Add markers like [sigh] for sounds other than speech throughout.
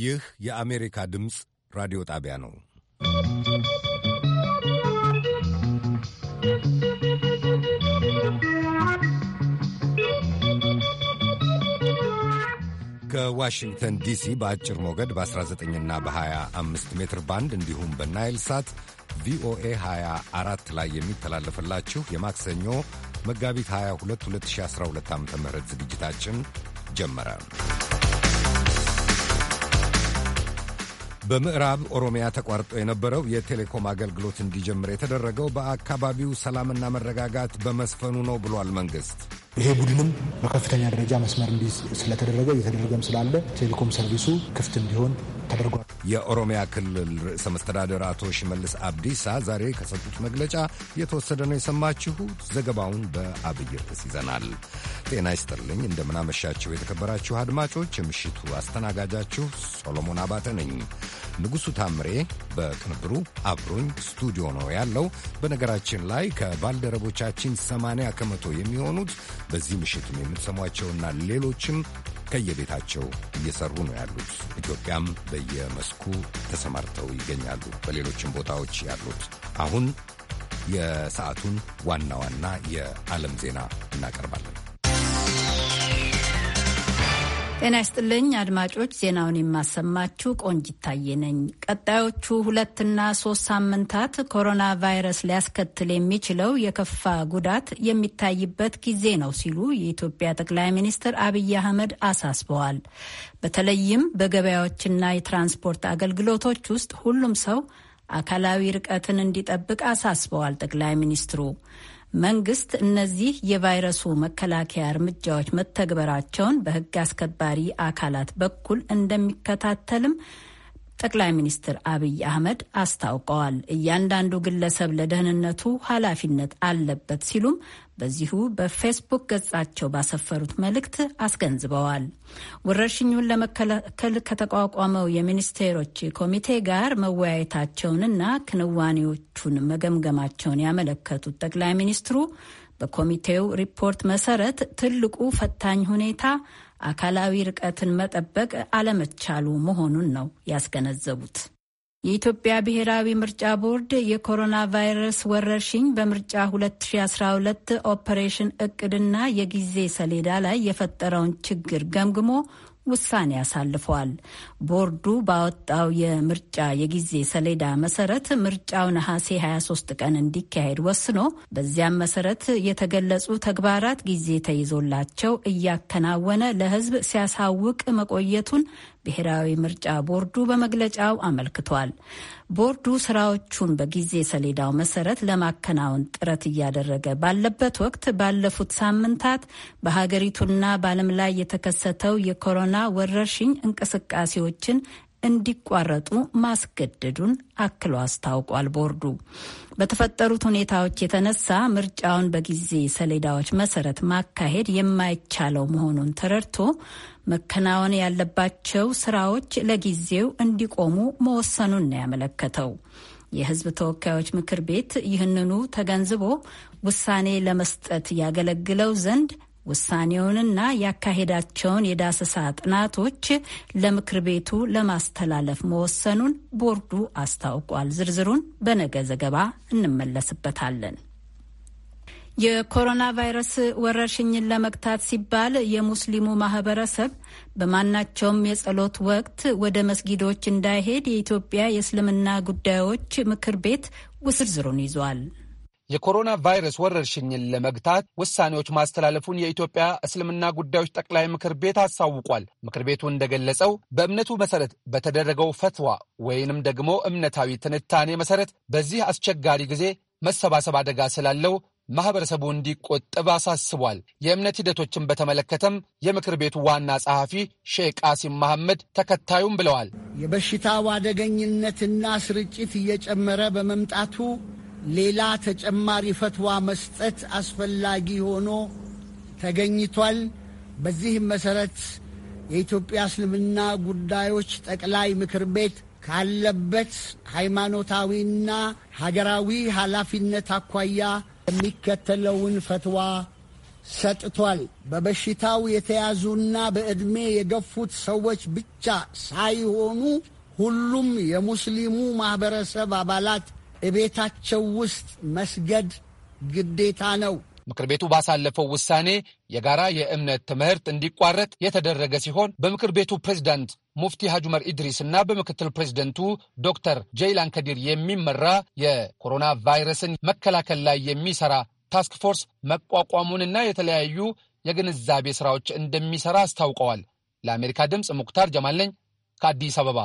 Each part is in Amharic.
ይህ የአሜሪካ ድምፅ ራዲዮ ጣቢያ ነው። ከዋሽንግተን ዲሲ በአጭር ሞገድ በ19ና በ25 ሜትር ባንድ እንዲሁም በናይል ሳት ቪኦኤ 24 ላይ የሚተላለፍላችሁ የማክሰኞ መጋቢት 22 2012 ዓ ም ዝግጅታችን ጀመረ። በምዕራብ ኦሮሚያ ተቋርጦ የነበረው የቴሌኮም አገልግሎት እንዲጀምር የተደረገው በአካባቢው ሰላምና መረጋጋት በመስፈኑ ነው ብሏል መንግስት። ይሄ ቡድንም በከፍተኛ ደረጃ መስመር እንዲይዝ ስለተደረገ እየተደረገም ስላለ ቴሌኮም ሰርቪሱ ክፍት እንዲሆን ተደርጓል። የኦሮሚያ ክልል ርዕሰ መስተዳደር አቶ ሽመልስ አብዲሳ ዛሬ ከሰጡት መግለጫ የተወሰደ ነው የሰማችሁት። ዘገባውን በአብይ ርዕስ ይዘናል። ጤና ይስጥልኝ፣ እንደምናመሻችሁ የተከበራችሁ አድማጮች፣ የምሽቱ አስተናጋጃችሁ ሶሎሞን አባተ ነኝ። ንጉሡ ታምሬ በቅንብሩ አብሮኝ ስቱዲዮ ነው ያለው። በነገራችን ላይ ከባልደረቦቻችን 8 ከመቶ የሚሆኑት በዚህ ምሽትም የምትሰሟቸውና ሌሎችም ከየቤታቸው እየሰሩ ነው ያሉት። ኢትዮጵያም በየመስኩ ተሰማርተው ይገኛሉ። በሌሎችም ቦታዎች ያሉት አሁን የሰዓቱን ዋና ዋና የዓለም ዜና እናቀርባለን። ጤና ይስጥልኝ አድማጮች፣ ዜናውን የማሰማችሁ ቆንጅ ታዬ ነኝ። ቀጣዮቹ ሁለትና ሶስት ሳምንታት ኮሮና ቫይረስ ሊያስከትል የሚችለው የከፋ ጉዳት የሚታይበት ጊዜ ነው ሲሉ የኢትዮጵያ ጠቅላይ ሚኒስትር አብይ አህመድ አሳስበዋል። በተለይም በገበያዎችና የትራንስፖርት አገልግሎቶች ውስጥ ሁሉም ሰው አካላዊ ርቀትን እንዲጠብቅ አሳስበዋል ጠቅላይ ሚኒስትሩ መንግስት እነዚህ የቫይረሱ መከላከያ እርምጃዎች መተግበራቸውን በህግ አስከባሪ አካላት በኩል እንደሚከታተልም ጠቅላይ ሚኒስትር አብይ አህመድ አስታውቀዋል። እያንዳንዱ ግለሰብ ለደህንነቱ ኃላፊነት አለበት ሲሉም በዚሁ በፌስቡክ ገጻቸው ባሰፈሩት መልእክት አስገንዝበዋል። ወረርሽኙን ለመከላከል ከተቋቋመው የሚኒስቴሮች ኮሚቴ ጋር መወያየታቸውንና ክንዋኔዎቹን መገምገማቸውን ያመለከቱት ጠቅላይ ሚኒስትሩ በኮሚቴው ሪፖርት መሰረት ትልቁ ፈታኝ ሁኔታ አካላዊ ርቀትን መጠበቅ አለመቻሉ መሆኑን ነው ያስገነዘቡት። የኢትዮጵያ ብሔራዊ ምርጫ ቦርድ የኮሮና ቫይረስ ወረርሽኝ በምርጫ 2012 ኦፐሬሽን እቅድና የጊዜ ሰሌዳ ላይ የፈጠረውን ችግር ገምግሞ ውሳኔ አሳልፈዋል። ቦርዱ ባወጣው የምርጫ የጊዜ ሰሌዳ መሰረት ምርጫው ነሐሴ 23 ቀን እንዲካሄድ ወስኖ በዚያም መሰረት የተገለጹ ተግባራት ጊዜ ተይዞላቸው እያከናወነ ለሕዝብ ሲያሳውቅ መቆየቱን ብሔራዊ ምርጫ ቦርዱ በመግለጫው አመልክቷል። ቦርዱ ስራዎቹን በጊዜ ሰሌዳው መሰረት ለማከናወን ጥረት እያደረገ ባለበት ወቅት ባለፉት ሳምንታት በሀገሪቱና በዓለም ላይ የተከሰተው የኮሮና ወረርሽኝ እንቅስቃሴዎችን እንዲቋረጡ ማስገደዱን አክሎ አስታውቋል። ቦርዱ በተፈጠሩት ሁኔታዎች የተነሳ ምርጫውን በጊዜ ሰሌዳዎች መሰረት ማካሄድ የማይቻለው መሆኑን ተረድቶ መከናወን ያለባቸው ስራዎች ለጊዜው እንዲቆሙ መወሰኑን ነው ያመለከተው። የህዝብ ተወካዮች ምክር ቤት ይህንኑ ተገንዝቦ ውሳኔ ለመስጠት ያገለግለው ዘንድ ውሳኔውንና ያካሄዳቸውን የዳሰሳ ጥናቶች ለምክር ቤቱ ለማስተላለፍ መወሰኑን ቦርዱ አስታውቋል። ዝርዝሩን በነገ ዘገባ እንመለስበታለን። የኮሮና ቫይረስ ወረርሽኝን ለመግታት ሲባል የሙስሊሙ ማህበረሰብ በማናቸውም የጸሎት ወቅት ወደ መስጊዶች እንዳይሄድ የኢትዮጵያ የእስልምና ጉዳዮች ምክር ቤት ዝርዝሩን ይዟል። የኮሮና ቫይረስ ወረርሽኝን ለመግታት ውሳኔዎች ማስተላለፉን የኢትዮጵያ እስልምና ጉዳዮች ጠቅላይ ምክር ቤት አሳውቋል። ምክር ቤቱ እንደገለጸው በእምነቱ መሰረት በተደረገው ፈትዋ ወይንም ደግሞ እምነታዊ ትንታኔ መሰረት በዚህ አስቸጋሪ ጊዜ መሰባሰብ አደጋ ስላለው ማህበረሰቡ እንዲቆጠብ አሳስቧል። የእምነት ሂደቶችን በተመለከተም የምክር ቤቱ ዋና ጸሐፊ ሼህ ቃሲም መሐመድ ተከታዩም ብለዋል። የበሽታው አደገኝነትና ስርጭት እየጨመረ በመምጣቱ ሌላ ተጨማሪ ፈትዋ መስጠት አስፈላጊ ሆኖ ተገኝቷል። በዚህም መሠረት የኢትዮጵያ እስልምና ጉዳዮች ጠቅላይ ምክር ቤት ካለበት ሃይማኖታዊና ሀገራዊ ኃላፊነት አኳያ የሚከተለውን ፈትዋ ሰጥቷል። በበሽታው የተያዙና በዕድሜ የገፉት ሰዎች ብቻ ሳይሆኑ ሁሉም የሙስሊሙ ማኅበረሰብ አባላት እቤታቸው ውስጥ መስገድ ግዴታ ነው። ምክር ቤቱ ባሳለፈው ውሳኔ የጋራ የእምነት ትምህርት እንዲቋረጥ የተደረገ ሲሆን በምክር ቤቱ ፕሬዝዳንት ሙፍቲ ሐጅ ዑመር ኢድሪስ እና በምክትል ፕሬዚደንቱ ዶክተር ጀይላን ከዲር የሚመራ የኮሮና ቫይረስን መከላከል ላይ የሚሰራ ታስክ ፎርስ መቋቋሙንና የተለያዩ የግንዛቤ ስራዎች እንደሚሰራ አስታውቀዋል። ለአሜሪካ ድምፅ ሙክታር ጀማል ነኝ ከአዲስ አበባ።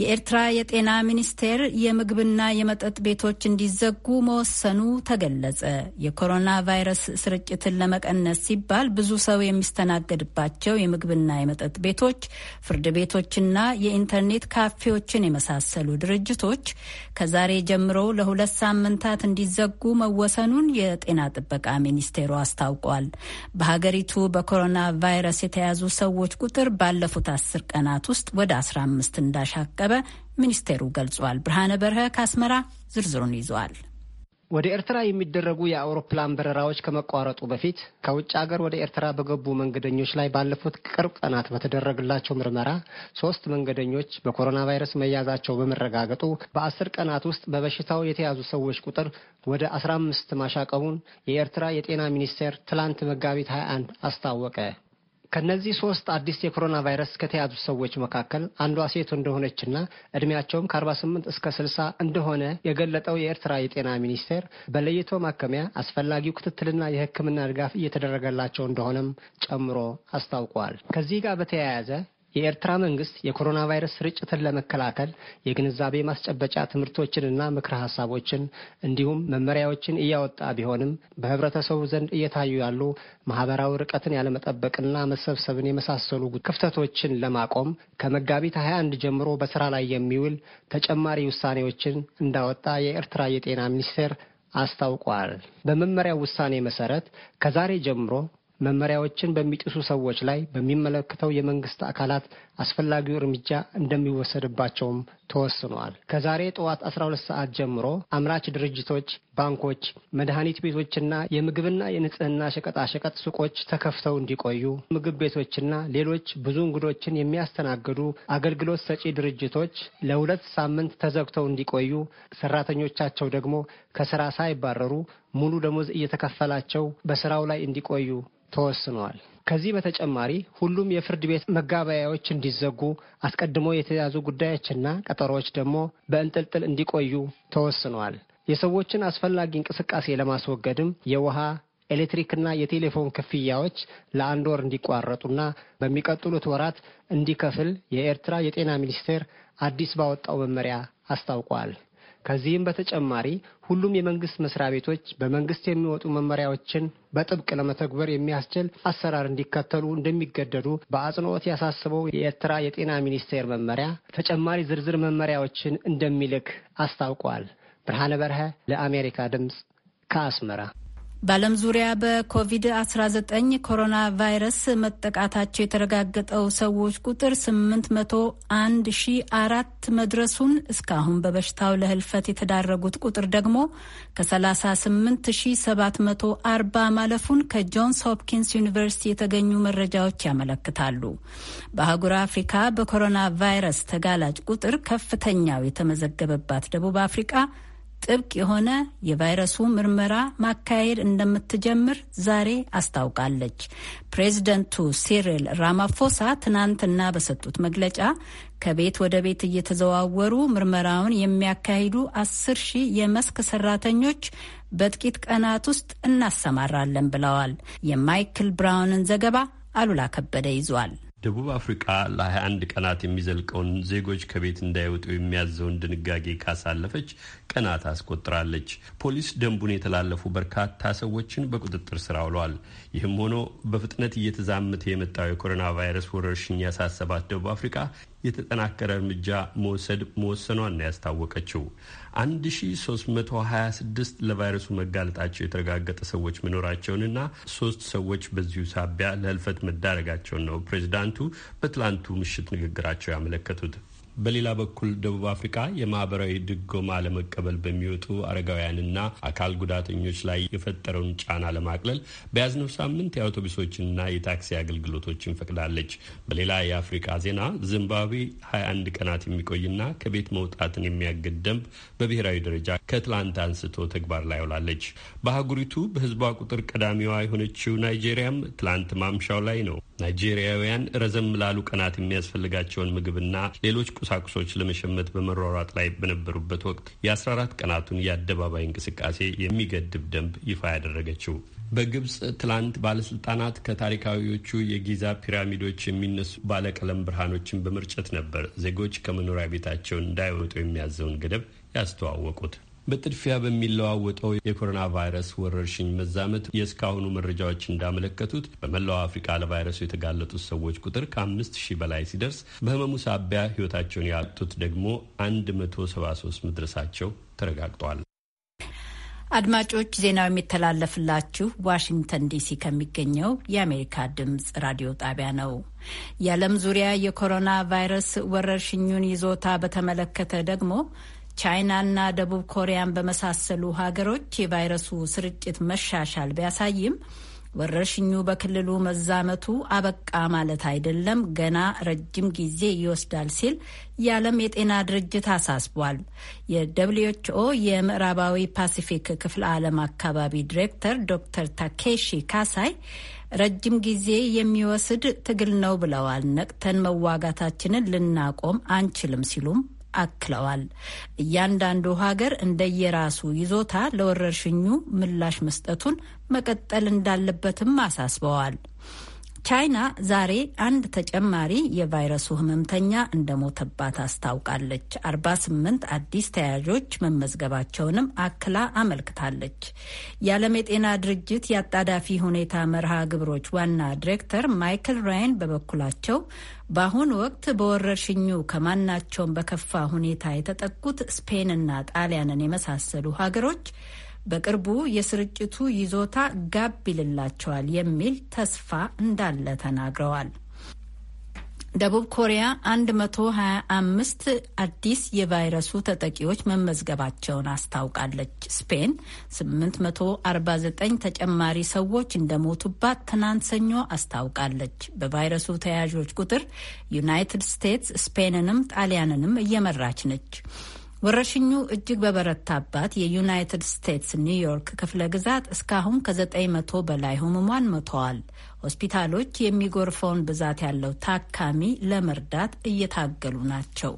የኤርትራ የጤና ሚኒስቴር የምግብና የመጠጥ ቤቶች እንዲዘጉ መወሰኑ ተገለጸ። የኮሮና ቫይረስ ስርጭትን ለመቀነስ ሲባል ብዙ ሰው የሚስተናገድባቸው የምግብና የመጠጥ ቤቶች፣ ፍርድ ቤቶችና የኢንተርኔት ካፌዎችን የመሳሰሉ ድርጅቶች ከዛሬ ጀምሮ ለሁለት ሳምንታት እንዲዘጉ መወሰኑን የጤና ጥበቃ ሚኒስቴሩ አስታውቋል። በሀገሪቱ በኮሮና ቫይረስ የተያዙ ሰዎች ቁጥር ባለፉት አስር ቀናት ውስጥ ወደ 15 እንዳሻቀ እንደቀረበ ሚኒስቴሩ ገልጿል። ብርሃነ በርሀ ከአስመራ ዝርዝሩን ይዟል። ወደ ኤርትራ የሚደረጉ የአውሮፕላን በረራዎች ከመቋረጡ በፊት ከውጭ ሀገር ወደ ኤርትራ በገቡ መንገደኞች ላይ ባለፉት ቅርብ ቀናት በተደረገላቸው ምርመራ ሶስት መንገደኞች በኮሮና ቫይረስ መያዛቸው በመረጋገጡ በአስር ቀናት ውስጥ በበሽታው የተያዙ ሰዎች ቁጥር ወደ አስራ አምስት ማሻቀቡን የኤርትራ የጤና ሚኒስቴር ትላንት መጋቢት 21 አስታወቀ። ከነዚህ ሶስት አዲስ የኮሮና ቫይረስ ከተያዙ ሰዎች መካከል አንዷ ሴት እንደሆነችና እድሜያቸውም ከ48 እስከ 60 እንደሆነ የገለጠው የኤርትራ የጤና ሚኒስቴር በለይቶ ማከሚያ አስፈላጊው ክትትልና የሕክምና ድጋፍ እየተደረገላቸው እንደሆነም ጨምሮ አስታውቋል። ከዚህ ጋር በተያያዘ የኤርትራ መንግስት የኮሮና ቫይረስ ስርጭትን ለመከላከል የግንዛቤ ማስጨበጫ ትምህርቶችንና ምክረ ሀሳቦችን እንዲሁም መመሪያዎችን እያወጣ ቢሆንም በህብረተሰቡ ዘንድ እየታዩ ያሉ ማህበራዊ ርቀትን ያለመጠበቅና መሰብሰብን የመሳሰሉ ክፍተቶችን ለማቆም ከመጋቢት 21 ጀምሮ በስራ ላይ የሚውል ተጨማሪ ውሳኔዎችን እንዳወጣ የኤርትራ የጤና ሚኒስቴር አስታውቋል። በመመሪያው ውሳኔ መሰረት ከዛሬ ጀምሮ መመሪያዎችን በሚጥሱ ሰዎች ላይ በሚመለከተው የመንግስት አካላት አስፈላጊው እርምጃ እንደሚወሰድባቸውም ተወስኗል። ከዛሬ ጠዋት 12 ሰዓት ጀምሮ አምራች ድርጅቶች፣ ባንኮች፣ መድኃኒት ቤቶችና የምግብና የንጽህና ሸቀጣሸቀጥ ሱቆች ተከፍተው እንዲቆዩ፣ ምግብ ቤቶችና ሌሎች ብዙ እንግዶችን የሚያስተናግዱ አገልግሎት ሰጪ ድርጅቶች ለሁለት ሳምንት ተዘግተው እንዲቆዩ፣ ሰራተኞቻቸው ደግሞ ከስራ ሳይባረሩ ሙሉ ደሞዝ እየተከፈላቸው በስራው ላይ እንዲቆዩ ተወስኗል። ከዚህ በተጨማሪ ሁሉም የፍርድ ቤት መጋበያዎች እንዲዘጉ፣ አስቀድሞ የተያዙ ጉዳዮችና ቀጠሮዎች ደግሞ በእንጥልጥል እንዲቆዩ ተወስኗል። የሰዎችን አስፈላጊ እንቅስቃሴ ለማስወገድም የውሃ ኤሌክትሪክና የቴሌፎን ክፍያዎች ለአንድ ወር እንዲቋረጡና በሚቀጥሉት ወራት እንዲከፍል የኤርትራ የጤና ሚኒስቴር አዲስ ባወጣው መመሪያ አስታውቋል። ከዚህም በተጨማሪ ሁሉም የመንግስት መስሪያ ቤቶች በመንግስት የሚወጡ መመሪያዎችን በጥብቅ ለመተግበር የሚያስችል አሰራር እንዲከተሉ እንደሚገደዱ በአጽንኦት ያሳስበው የኤርትራ የጤና ሚኒስቴር መመሪያ ተጨማሪ ዝርዝር መመሪያዎችን እንደሚልክ አስታውቋል። ብርሃነ በርሀ ለአሜሪካ ድምፅ ከአስመራ በዓለም ዙሪያ በኮቪድ-19 ኮሮና ቫይረስ መጠቃታቸው የተረጋገጠው ሰዎች ቁጥር 801,004 መድረሱን እስካሁን በበሽታው ለህልፈት የተዳረጉት ቁጥር ደግሞ ከ38,740 ማለፉን ከጆንስ ሆፕኪንስ ዩኒቨርሲቲ የተገኙ መረጃዎች ያመለክታሉ። በአህጉር አፍሪካ በኮሮና ቫይረስ ተጋላጭ ቁጥር ከፍተኛው የተመዘገበባት ደቡብ አፍሪካ ጥብቅ የሆነ የቫይረሱ ምርመራ ማካሄድ እንደምትጀምር ዛሬ አስታውቃለች። ፕሬዚደንቱ ሲሪል ራማፎሳ ትናንትና በሰጡት መግለጫ ከቤት ወደ ቤት እየተዘዋወሩ ምርመራውን የሚያካሂዱ አስር ሺህ የመስክ ሰራተኞች በጥቂት ቀናት ውስጥ እናሰማራለን ብለዋል። የማይክል ብራውንን ዘገባ አሉላ ከበደ ይዟል። ደቡብ አፍሪቃ ለ21 ቀናት የሚዘልቀውን ዜጎች ከቤት እንዳይወጡ የሚያዘውን ድንጋጌ ካሳለፈች ቀናት አስቆጥራለች። ፖሊስ ደንቡን የተላለፉ በርካታ ሰዎችን በቁጥጥር ስር አውሏል። ይህም ሆኖ በፍጥነት እየተዛመተ የመጣው የኮሮና ቫይረስ ወረርሽኝ ያሳሰባት ደቡብ አፍሪቃ የተጠናከረ እርምጃ መውሰድ መወሰኗን ያስታወቀችው። 1326 ለቫይረሱ መጋለጣቸው የተረጋገጠ ሰዎች መኖራቸውንና ሶስት ሰዎች በዚሁ ሳቢያ ለህልፈት መዳረጋቸውን ነው ፕሬዚዳንቱ በትላንቱ ምሽት ንግግራቸው ያመለከቱት። በሌላ በኩል ደቡብ አፍሪካ የማህበራዊ ድጎማ ለመቀበል በሚወጡ አረጋውያንና አካል ጉዳተኞች ላይ የፈጠረውን ጫና ለማቅለል በያዝነው ሳምንት የአውቶቡሶችንና የታክሲ አገልግሎቶችን ፈቅዳለች። በሌላ የአፍሪካ ዜና ዚምባብዌ 21 ቀናት የሚቆይና ከቤት መውጣትን የሚያግድ ደንብ በብሔራዊ ደረጃ ከትላንት አንስቶ ተግባር ላይ ውላለች። በአህጉሪቱ በህዝቧ ቁጥር ቀዳሚዋ የሆነችው ናይጄሪያም ትላንት ማምሻው ላይ ነው ናይጄሪያውያን ረዘም ላሉ ቀናት የሚያስፈልጋቸውን ምግብና ሌሎች ቁሳቁሶች ለመሸመት በመሯሯጥ ላይ በነበሩበት ወቅት የ14 ቀናቱን የአደባባይ እንቅስቃሴ የሚገድብ ደንብ ይፋ ያደረገችው በግብፅ ትላንት ባለስልጣናት ከታሪካዊዎቹ የጊዛ ፒራሚዶች የሚነሱ ባለቀለም ብርሃኖችን በምርጨት ነበር ዜጎች ከመኖሪያ ቤታቸውን እንዳይወጡ የሚያዘውን ገደብ ያስተዋወቁት። በጥድፊያ በሚለዋወጠው የኮሮና ቫይረስ ወረርሽኝ መዛመት የእስካሁኑ መረጃዎች እንዳመለከቱት በመላው አፍሪካ ለቫይረሱ የተጋለጡት ሰዎች ቁጥር ከአምስት ሺህ በላይ ሲደርስ በህመሙ ሳቢያ ህይወታቸውን ያጡት ደግሞ 173 መድረሳቸው ተረጋግጧል። አድማጮች ዜናው የሚተላለፍላችሁ ዋሽንግተን ዲሲ ከሚገኘው የአሜሪካ ድምፅ ራዲዮ ጣቢያ ነው። የዓለም ዙሪያ የኮሮና ቫይረስ ወረርሽኙን ይዞታ በተመለከተ ደግሞ ቻይናና ደቡብ ኮሪያን በመሳሰሉ ሀገሮች የቫይረሱ ስርጭት መሻሻል ቢያሳይም ወረርሽኙ በክልሉ መዛመቱ አበቃ ማለት አይደለም፣ ገና ረጅም ጊዜ ይወስዳል ሲል የዓለም የጤና ድርጅት አሳስቧል። የደብሊውኤችኦ የምዕራባዊ ፓሲፊክ ክፍለ ዓለም አካባቢ ዲሬክተር ዶክተር ታኬሺ ካሳይ ረጅም ጊዜ የሚወስድ ትግል ነው ብለዋል። ነቅተን መዋጋታችንን ልናቆም አንችልም ሲሉም አክለዋል። እያንዳንዱ ሀገር እንደየራሱ ይዞታ ለወረርሽኙ ምላሽ መስጠቱን መቀጠል እንዳለበትም አሳስበዋል። ቻይና ዛሬ አንድ ተጨማሪ የቫይረሱ ህመምተኛ እንደሞተባት አስታውቃለች። 48 አዲስ ተያዦች መመዝገባቸውንም አክላ አመልክታለች። የዓለም የጤና ድርጅት የአጣዳፊ ሁኔታ መርሃ ግብሮች ዋና ዲሬክተር ማይክል ራይን በበኩላቸው በአሁኑ ወቅት በወረርሽኙ ከማናቸውም በከፋ ሁኔታ የተጠቁት ስፔንና ጣሊያንን የመሳሰሉ ሀገሮች በቅርቡ የስርጭቱ ይዞታ ጋብ ይልላቸዋል የሚል ተስፋ እንዳለ ተናግረዋል። ደቡብ ኮሪያ 125 አዲስ የቫይረሱ ተጠቂዎች መመዝገባቸውን አስታውቃለች። ስፔን 849 ተጨማሪ ሰዎች እንደሞቱባት ትናንት ሰኞ አስታውቃለች። በቫይረሱ ተያዦች ቁጥር ዩናይትድ ስቴትስ ስፔንንም ጣሊያንንም እየመራች ነች። ወረርሽኙ እጅግ በበረታባት የዩናይትድ ስቴትስ ኒውዮርክ ክፍለ ግዛት እስካሁን ከ900 በላይ ህሙማን ሞተዋል። ሆስፒታሎች የሚጎርፈውን ብዛት ያለው ታካሚ ለመርዳት እየታገሉ ናቸው።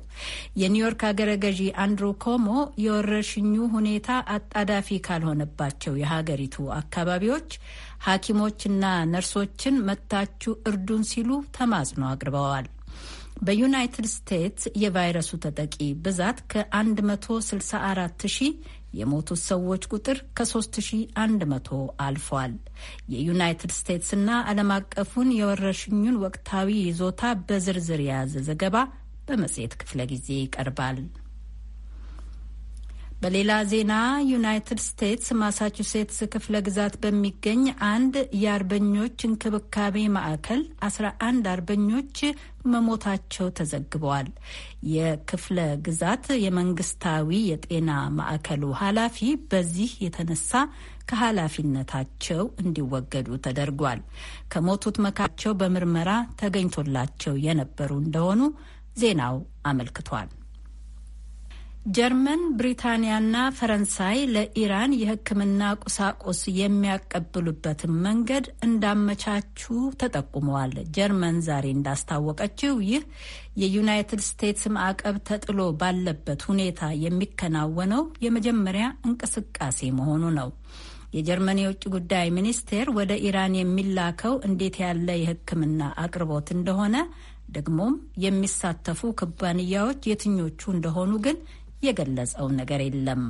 የኒውዮርክ አገረ ገዢ አንድሩ ኮሞ የወረርሽኙ ሁኔታ አጣዳፊ ካልሆነባቸው የሀገሪቱ አካባቢዎች ሐኪሞችና ነርሶችን መታችሁ እርዱን ሲሉ ተማጽኖ አቅርበዋል። በዩናይትድ ስቴትስ የቫይረሱ ተጠቂ ብዛት ከ164 ሺህ የሞቱት ሰዎች ቁጥር ከ3100 አልፏል። የዩናይትድ ስቴትስና ዓለም አቀፉን የወረርሽኙን ወቅታዊ ይዞታ በዝርዝር የያዘ ዘገባ በመጽሔት ክፍለ ጊዜ ይቀርባል። በሌላ ዜና ዩናይትድ ስቴትስ ማሳቹሴትስ ክፍለ ግዛት በሚገኝ አንድ የአርበኞች እንክብካቤ ማዕከል አስራ አንድ አርበኞች መሞታቸው ተዘግበዋል። የክፍለ ግዛት የመንግስታዊ የጤና ማዕከሉ ኃላፊ በዚህ የተነሳ ከኃላፊነታቸው እንዲወገዱ ተደርጓል። ከሞቱት መካቸው በምርመራ ተገኝቶላቸው የነበሩ እንደሆኑ ዜናው አመልክቷል። ጀርመን፣ ብሪታንያና ፈረንሳይ ለኢራን የሕክምና ቁሳቁስ የሚያቀብሉበትን መንገድ እንዳመቻቹ ተጠቁመዋል። ጀርመን ዛሬ እንዳስታወቀችው ይህ የዩናይትድ ስቴትስ ማዕቀብ ተጥሎ ባለበት ሁኔታ የሚከናወነው የመጀመሪያ እንቅስቃሴ መሆኑ ነው። የጀርመን የውጭ ጉዳይ ሚኒስቴር ወደ ኢራን የሚላከው እንዴት ያለ የሕክምና አቅርቦት እንደሆነ ደግሞም የሚሳተፉ ኩባንያዎች የትኞቹ እንደሆኑ ግን የገለጸው ነገር የለም።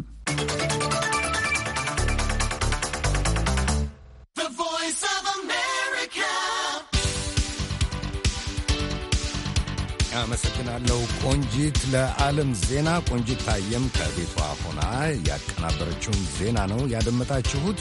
አመሰግናለሁ ቆንጂት ለዓለም ዜና። ቆንጂት ታየም ከቤቷ ሆና ያቀናበረችውን ዜና ነው ያደመጣችሁት።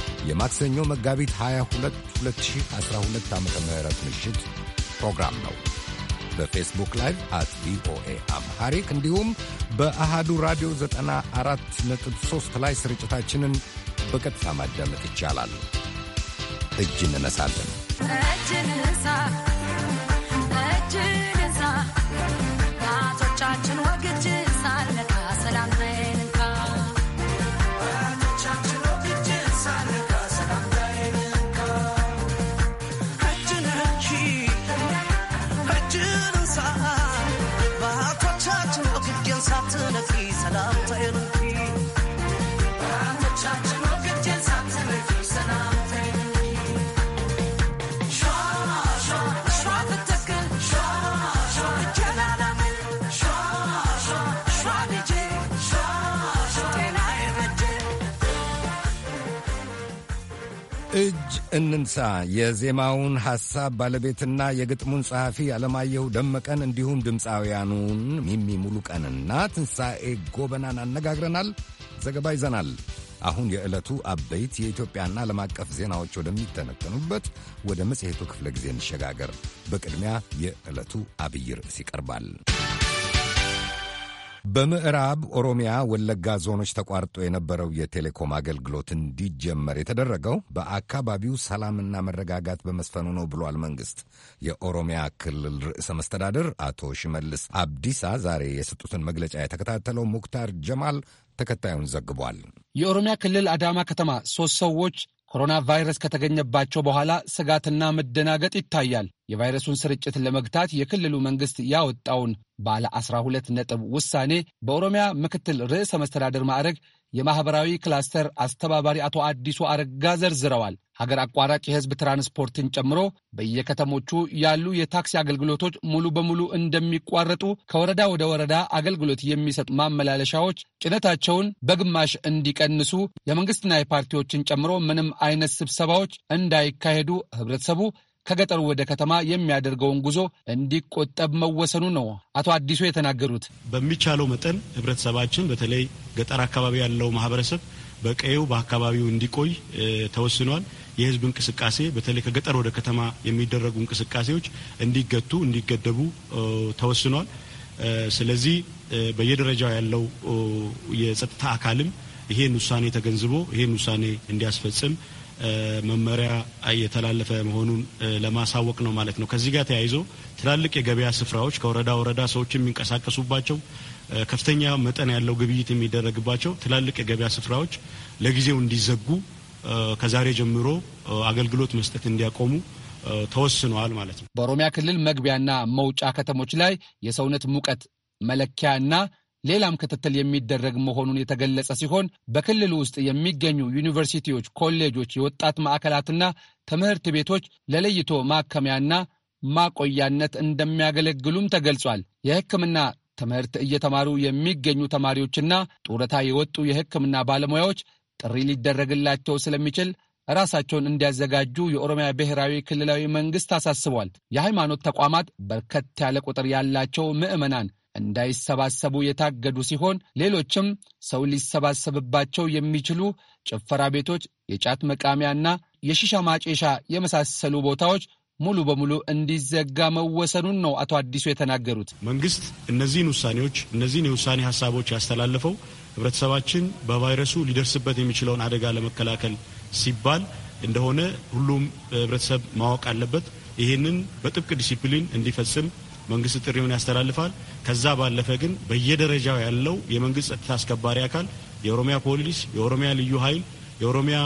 የማክሰኞ መጋቢት 22 2012 ዓ ም ምሽት ፕሮግራም ነው። በፌስቡክ ላይቭ አት ቪኦኤ አምሃሪክ እንዲሁም በአሃዱ ራዲዮ 94.3 ላይ ስርጭታችንን በቀጥታ ማዳመጥ ይቻላል። እጅ እንነሳለን። እንንሳ የዜማውን ሐሳብ ባለቤትና የግጥሙን ጸሐፊ አለማየሁ ደመቀን እንዲሁም ድምፃውያኑን ሚሚ ሙሉቀንና ትንሣኤ ጎበናን አነጋግረናል። ዘገባ ይዘናል። አሁን የዕለቱ አበይት የኢትዮጵያና ዓለም አቀፍ ዜናዎች ወደሚተነተኑበት ወደ መጽሔቱ ክፍለ ጊዜ እንሸጋገር። በቅድሚያ የዕለቱ አብይ ርዕስ ይቀርባል። በምዕራብ ኦሮሚያ ወለጋ ዞኖች ተቋርጦ የነበረው የቴሌኮም አገልግሎት እንዲጀመር የተደረገው በአካባቢው ሰላምና መረጋጋት በመስፈኑ ነው ብሏል መንግስት። የኦሮሚያ ክልል ርዕሰ መስተዳድር አቶ ሽመልስ አብዲሳ ዛሬ የሰጡትን መግለጫ የተከታተለው ሙክታር ጀማል ተከታዩን ዘግቧል። የኦሮሚያ ክልል አዳማ ከተማ ሶስት ሰዎች ኮሮና ቫይረስ ከተገኘባቸው በኋላ ስጋትና መደናገጥ ይታያል። የቫይረሱን ስርጭት ለመግታት የክልሉ መንግስት ያወጣውን ባለ 12 ነጥብ ውሳኔ በኦሮሚያ ምክትል ርዕሰ መስተዳደር ማዕረግ የማኅበራዊ ክላስተር አስተባባሪ አቶ አዲሱ አረጋ ዘርዝረዋል። ሀገር አቋራጭ የህዝብ ትራንስፖርትን ጨምሮ በየከተሞቹ ያሉ የታክሲ አገልግሎቶች ሙሉ በሙሉ እንደሚቋረጡ፣ ከወረዳ ወደ ወረዳ አገልግሎት የሚሰጡ ማመላለሻዎች ጭነታቸውን በግማሽ እንዲቀንሱ፣ የመንግሥትና የፓርቲዎችን ጨምሮ ምንም አይነት ስብሰባዎች እንዳይካሄዱ ህብረተሰቡ ከገጠሩ ወደ ከተማ የሚያደርገውን ጉዞ እንዲቆጠብ መወሰኑ ነው አቶ አዲሱ የተናገሩት። በሚቻለው መጠን ህብረተሰባችን በተለይ ገጠር አካባቢ ያለው ማህበረሰብ በቀዬው በአካባቢው እንዲቆይ ተወስኗል። የህዝብ እንቅስቃሴ በተለይ ከገጠር ወደ ከተማ የሚደረጉ እንቅስቃሴዎች እንዲገቱ፣ እንዲገደቡ ተወስኗል። ስለዚህ በየደረጃው ያለው የጸጥታ አካልም ይሄን ውሳኔ ተገንዝቦ ይሄን ውሳኔ እንዲያስፈጽም መመሪያ እየተላለፈ መሆኑን ለማሳወቅ ነው ማለት ነው። ከዚህ ጋር ተያይዞ ትላልቅ የገበያ ስፍራዎች ከወረዳ ወረዳ ሰዎች የሚንቀሳቀሱባቸው ከፍተኛ መጠን ያለው ግብይት የሚደረግባቸው ትላልቅ የገበያ ስፍራዎች ለጊዜው እንዲዘጉ ከዛሬ ጀምሮ አገልግሎት መስጠት እንዲያቆሙ ተወስነዋል ማለት ነው። በኦሮሚያ ክልል መግቢያና መውጫ ከተሞች ላይ የሰውነት ሙቀት መለኪያና ሌላም ክትትል የሚደረግ መሆኑን የተገለጸ ሲሆን በክልል ውስጥ የሚገኙ ዩኒቨርሲቲዎች፣ ኮሌጆች፣ የወጣት ማዕከላትና ትምህርት ቤቶች ለለይቶ ማከሚያና ማቆያነት እንደሚያገለግሉም ተገልጿል። የሕክምና ትምህርት እየተማሩ የሚገኙ ተማሪዎችና ጡረታ የወጡ የሕክምና ባለሙያዎች ጥሪ ሊደረግላቸው ስለሚችል ራሳቸውን እንዲያዘጋጁ የኦሮሚያ ብሔራዊ ክልላዊ መንግሥት አሳስቧል። የሃይማኖት ተቋማት በርከት ያለ ቁጥር ያላቸው ምዕመናን እንዳይሰባሰቡ የታገዱ ሲሆን ሌሎችም ሰው ሊሰባሰብባቸው የሚችሉ ጭፈራ ቤቶች፣ የጫት መቃሚያና የሺሻ ማጨሻ የመሳሰሉ ቦታዎች ሙሉ በሙሉ እንዲዘጋ መወሰኑን ነው አቶ አዲሱ የተናገሩት። መንግስት እነዚህን ውሳኔዎች እነዚህን የውሳኔ ሀሳቦች ያስተላለፈው ህብረተሰባችን በቫይረሱ ሊደርስበት የሚችለውን አደጋ ለመከላከል ሲባል እንደሆነ ሁሉም ህብረተሰብ ማወቅ አለበት። ይህንን በጥብቅ ዲሲፕሊን እንዲፈጽም መንግስት ጥሪውን ያስተላልፋል። ከዛ ባለፈ ግን በየደረጃው ያለው የመንግስት ጸጥታ አስከባሪ አካል የኦሮሚያ ፖሊስ፣ የኦሮሚያ ልዩ ኃይል፣ የኦሮሚያ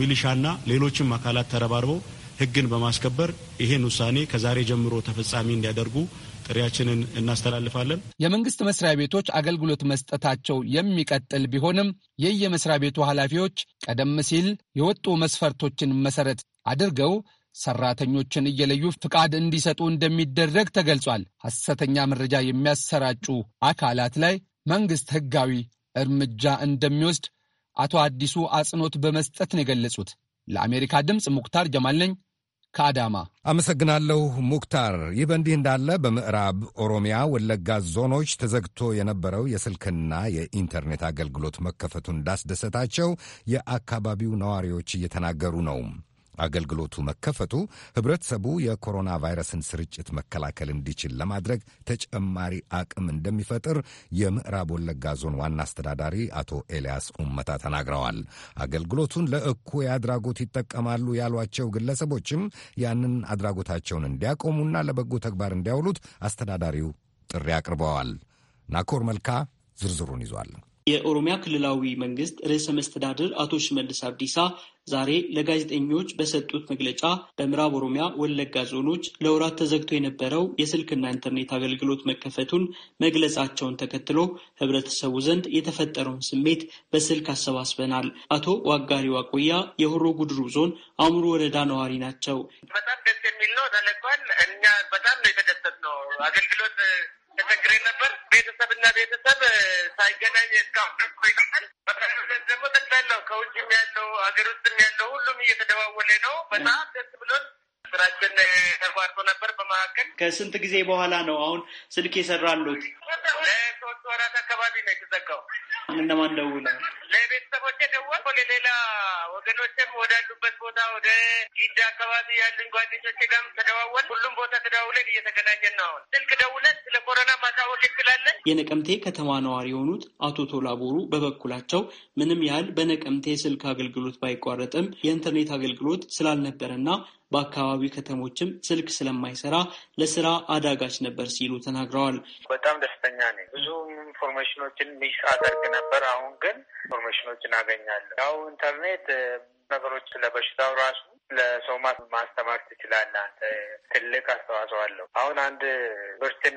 ሚሊሻና ሌሎችም አካላት ተረባርበው ህግን በማስከበር ይሄን ውሳኔ ከዛሬ ጀምሮ ተፈጻሚ እንዲያደርጉ ጥሪያችንን እናስተላልፋለን። የመንግስት መስሪያ ቤቶች አገልግሎት መስጠታቸው የሚቀጥል ቢሆንም የየመስሪያ ቤቱ ኃላፊዎች ቀደም ሲል የወጡ መስፈርቶችን መሰረት አድርገው ሰራተኞችን እየለዩ ፍቃድ እንዲሰጡ እንደሚደረግ ተገልጿል። ሐሰተኛ መረጃ የሚያሰራጩ አካላት ላይ መንግሥት ሕጋዊ እርምጃ እንደሚወስድ አቶ አዲሱ አጽንኦት በመስጠት ነው የገለጹት። ለአሜሪካ ድምፅ ሙክታር ጀማል ነኝ ከአዳማ አመሰግናለሁ። ሙክታር፣ ይህ በእንዲህ እንዳለ በምዕራብ ኦሮሚያ ወለጋ ዞኖች ተዘግቶ የነበረው የስልክና የኢንተርኔት አገልግሎት መከፈቱን እንዳስደሰታቸው የአካባቢው ነዋሪዎች እየተናገሩ ነው። አገልግሎቱ መከፈቱ ህብረተሰቡ የኮሮና ቫይረስን ስርጭት መከላከል እንዲችል ለማድረግ ተጨማሪ አቅም እንደሚፈጥር የምዕራብ ወለጋ ዞን ዋና አስተዳዳሪ አቶ ኤልያስ ኡመታ ተናግረዋል። አገልግሎቱን ለእኩይ አድራጎት ይጠቀማሉ ያሏቸው ግለሰቦችም ያንን አድራጎታቸውን እንዲያቆሙና ለበጎ ተግባር እንዲያውሉት አስተዳዳሪው ጥሪ አቅርበዋል። ናኮር መልካ ዝርዝሩን ይዟል። የኦሮሚያ ክልላዊ መንግስት ርዕሰ መስተዳድር አቶ ሽመልስ አብዲሳ ዛሬ ለጋዜጠኞች በሰጡት መግለጫ በምዕራብ ኦሮሚያ ወለጋ ዞኖች ለወራት ተዘግቶ የነበረው የስልክና ኢንተርኔት አገልግሎት መከፈቱን መግለጻቸውን ተከትሎ ህብረተሰቡ ዘንድ የተፈጠረውን ስሜት በስልክ አሰባስበናል። አቶ ዋጋሪ ዋቆያ የሆሮ ጉድሩ ዞን አእምሮ ወረዳ ነዋሪ ናቸው። በጣም ደስ የሚል ነው። እኛ በጣም ነው የተደሰት ነው አገልግሎት ተቸግሬ ነበር። ቤተሰብ እና ቤተሰብ ሳይገናኝ እስካሁን ቆይተናል። ደግሞ ጠቅላላው ከውጭም ያለው ሀገር ውስጥም ያለው ሁሉም እየተደዋወለ ነው። በጣም ደስ ብሎን ስራችን ተቋርጦ ነበር። በመካከል ከስንት ጊዜ በኋላ ነው አሁን ስልክ የሰራሉት? ለሶስት ወራት አካባቢ ነው የተዘጋው። እነማን ደውለ ለቤተሰቦች ደወልኩ። ሌላ ወገኖችም ወዳሉበት ቦታ ወደ አካባቢ ያሉኝ ጓደኞቼ ጋርም ተደዋወል። ሁሉም ቦታ ተደዋውለን እየተገናኘን ነው። አሁን ስልክ ደውለን ስለ ኮሮና ማሳወቅ እንችላለን። የነቀምቴ ከተማ ነዋሪ የሆኑት አቶ ቶላቦሩ በበኩላቸው ምንም ያህል በነቀምቴ ስልክ አገልግሎት ባይቋረጥም የኢንተርኔት አገልግሎት ስላልነበረና በአካባቢ ከተሞችም ስልክ ስለማይሰራ ለስራ አዳጋች ነበር ሲሉ ተናግረዋል። በጣም ደስተኛ ነኝ። ብዙ ኢንፎርሜሽኖችን ሚስ አደርግ ነበር። አሁን ግን ኢንፎርሜሽኖችን አገኛለሁ። ያው ኢንተርኔት ነገሮች ስለበሽታው ራሱ ለሰው ማስተማር ትችላለህ። አንተ ትልቅ አስተዋጽኦ አለው። አሁን አንድ ምርትን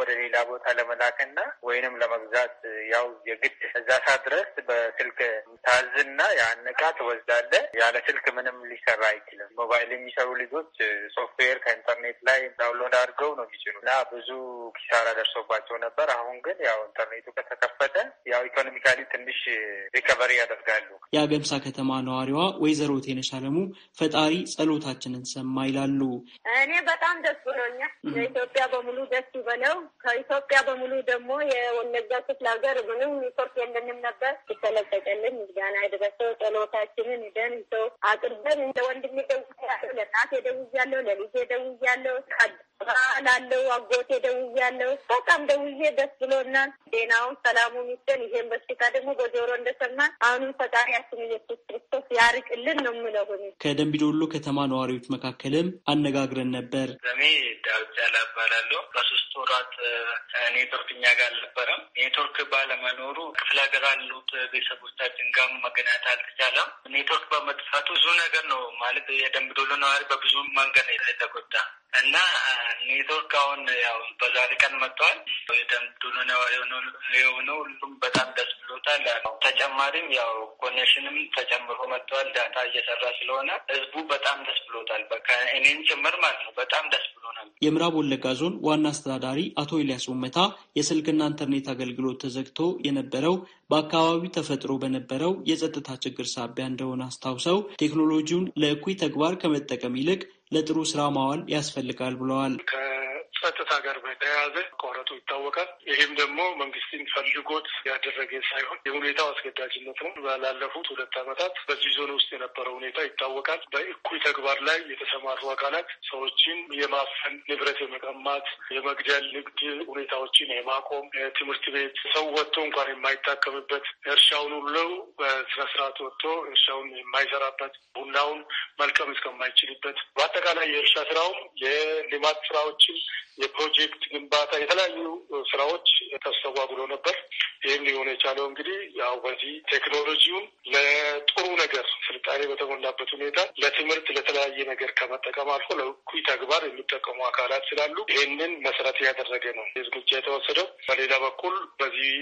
ወደ ሌላ ቦታ ለመላክና ወይንም ለመግዛት ያው የግድ እዛ ድረስ በስልክ ታዝና ያን ዕቃ ትወስዳለህ። ያለ ስልክ ምንም ሊሰራ አይችልም። ሞባይል የሚሰሩ ልጆች ሶፍትዌር ከኢንተርኔት ላይ ዳውንሎድ አድርገው ነው የሚችሉ እና ብዙ ኪሳራ ደርሶባቸው ነበር። አሁን ግን ያው ኢንተርኔቱ ከተከፈተ ያው ኢኮኖሚካሊ ትንሽ ሪከቨሪ ያደርጋሉ። የአገምሳ ከተማ ነዋሪዋ ወይዘሮ ቴነሽ አለሙ ፈጣሪ ጸሎታችንን ሰማ ይላሉ። እኔ በጣም ደስ ብሎኛል። ለኢትዮጵያ በሙሉ ደስ ይበለው። ከኢትዮጵያ በሙሉ ደግሞ የወለጋ ክፍለ ሀገር ምንም ሪፖርት የለንም ነበር። ይተለቀቀልን ምስጋና ይድረሰው። ጸሎታችንን ደን ሰው አቅርበን እንደ ወንድሜ ደውዬ ያለው ለእናቴ ደውዬ ያለው ለልጄ ደውዬ ላለው አጎቴ ያለው በጣም ደውዬ ደስ ብሎናል። ዜናውን ሰላሙ ይስጠን። ይሄን በሽታ ደግሞ በጆሮ እንደሰማን አሁንም ፈጣሪያችን ኢየሱስ ክርስቶስ ያርቅልን ነው የምለው። ከደምቢዶሎ ከተማ ነዋሪዎች መካከልም አነጋግረን ነበር። ዘሜ ዳዊት ጃላ በሶስት ወራት ኔትወርክ እኛ ጋር አልነበረም። ኔትወርክ ባለመኖሩ ክፍለ ሀገር አሉት ቤተሰቦቻችን ጋር መገናኘት አልተቻለም። ኔትወርክ በመጥፋቱ ብዙ ነገር ነው ማለት የደምቢዶሎ ነዋሪ በብዙ መንገድ ነው የተጎዳ እና ኔትወርክ አሁን ያው በዛሬ ቀን መጥተዋል። ነዋሪ የሆነ ሁሉም በጣም ደስ ብሎታል። ተጨማሪም ያው ኮኔክሽንም ተጨምሮ መጥተዋል። ዳታ እየሰራ ስለሆነ ህዝቡ በጣም ደስ ብሎታል። በቃ እኔን ጭምር ማለት ነው በጣም ደስ ብሎናል። የምዕራብ ወለጋ ዞን ዋና አስተዳዳሪ አቶ ኤልያስ ውመታ የስልክና ኢንተርኔት አገልግሎት ተዘግቶ የነበረው በአካባቢው ተፈጥሮ በነበረው የጸጥታ ችግር ሳቢያ እንደሆነ አስታውሰው ቴክኖሎጂውን ለእኩይ ተግባር ከመጠቀም ይልቅ ለጥሩ ስራ ማዋል ያስፈልጋል ብለዋል። ጸጥታ ጋር በተያያዘ መቋረጡ ይታወቃል። ይህም ደግሞ መንግስትን ፈልጎት ያደረገ ሳይሆን የሁኔታው አስገዳጅነት ነው። ባላለፉት ሁለት ዓመታት በዚህ ዞን ውስጥ የነበረው ሁኔታ ይታወቃል። በእኩይ ተግባር ላይ የተሰማሩ አካላት ሰዎችን የማፈን ንብረት የመቀማት፣ የመግደል ንግድ ሁኔታዎችን የማቆም ትምህርት ቤት ሰው ወጥቶ እንኳን የማይታከምበት እርሻውን ሁሉ በስነስርዓት ወጥቶ እርሻውን የማይሰራበት ቡናውን መልቀም እስከማይችልበት በአጠቃላይ የእርሻ ስራውም የልማት ስራዎችን የፕሮጀክት ግንባታ የተለያዩ ስራዎች ተስተጓጉሎ ነበር። ይህም ሊሆን የቻለው እንግዲህ ያው በዚህ ቴክኖሎጂውን ለጥሩ ነገር ስልጣኔ በተሞላበት ሁኔታ ለትምህርት ለተለያየ ነገር ከመጠቀም አልፎ ለእኩይ ተግባር የሚጠቀሙ አካላት ስላሉ ይህንን መሰረት ያደረገ ነው እርምጃ የተወሰደው። በሌላ በኩል በዚህ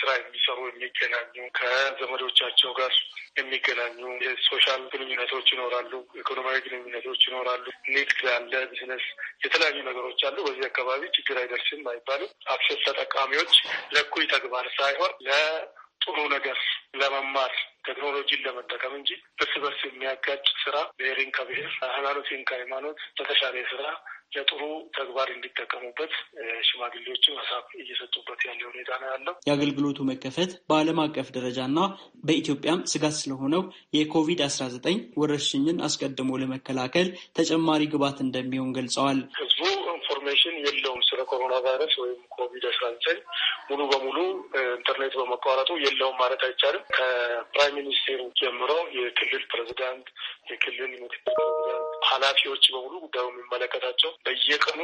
ስራ የሚሰሩ የሚገናኙ ከዘመዶቻቸው ጋር የሚገናኙ የሶሻል ግንኙነቶች ይኖራሉ፣ ኢኮኖሚያዊ ግንኙነቶች ይኖራሉ፣ ንግድ አለ፣ ቢዝነስ የተለያዩ ነገሮች አሉ። በዚህ አካባቢ ችግር አይደርስም አይባልም። አክሴስ ተጠቃሚዎች ለእኩይ ተግባር ሳይሆን ለጥሩ ነገር ለመማር ቴክኖሎጂን ለመጠቀም እንጂ እርስ በርስ የሚያጋጭ ስራ ብሔርን ከብሔር ሃይማኖትን ከሃይማኖት በተሻለ ስራ ለጥሩ ተግባር እንዲጠቀሙበት ሽማግሌዎችን ሀሳብ እየሰጡበት ያለ ሁኔታ ነው ያለው። የአገልግሎቱ መከፈት በዓለም አቀፍ ደረጃና በኢትዮጵያም ስጋት ስለሆነው የኮቪድ አስራ ዘጠኝ ወረርሽኝን አስቀድሞ ለመከላከል ተጨማሪ ግብዓት እንደሚሆን ገልጸዋል። ህዝቡ ኢንፎርሜሽን የለውም ስለ ኮሮና ቫይረስ ወይም ኮቪድ አስራ ዘጠኝ ሙሉ በሙሉ ኢንተርኔት በመቋረጡ የለውም ማለት አይቻልም። ከፕራይም ሚኒስቴሩ ጀምሮ የክልል ፕሬዚዳንት፣ የክልል ምክትል ፕሬዚዳንት፣ ኃላፊዎች በሙሉ ጉዳዩ የሚመለከታቸው በየቀኑ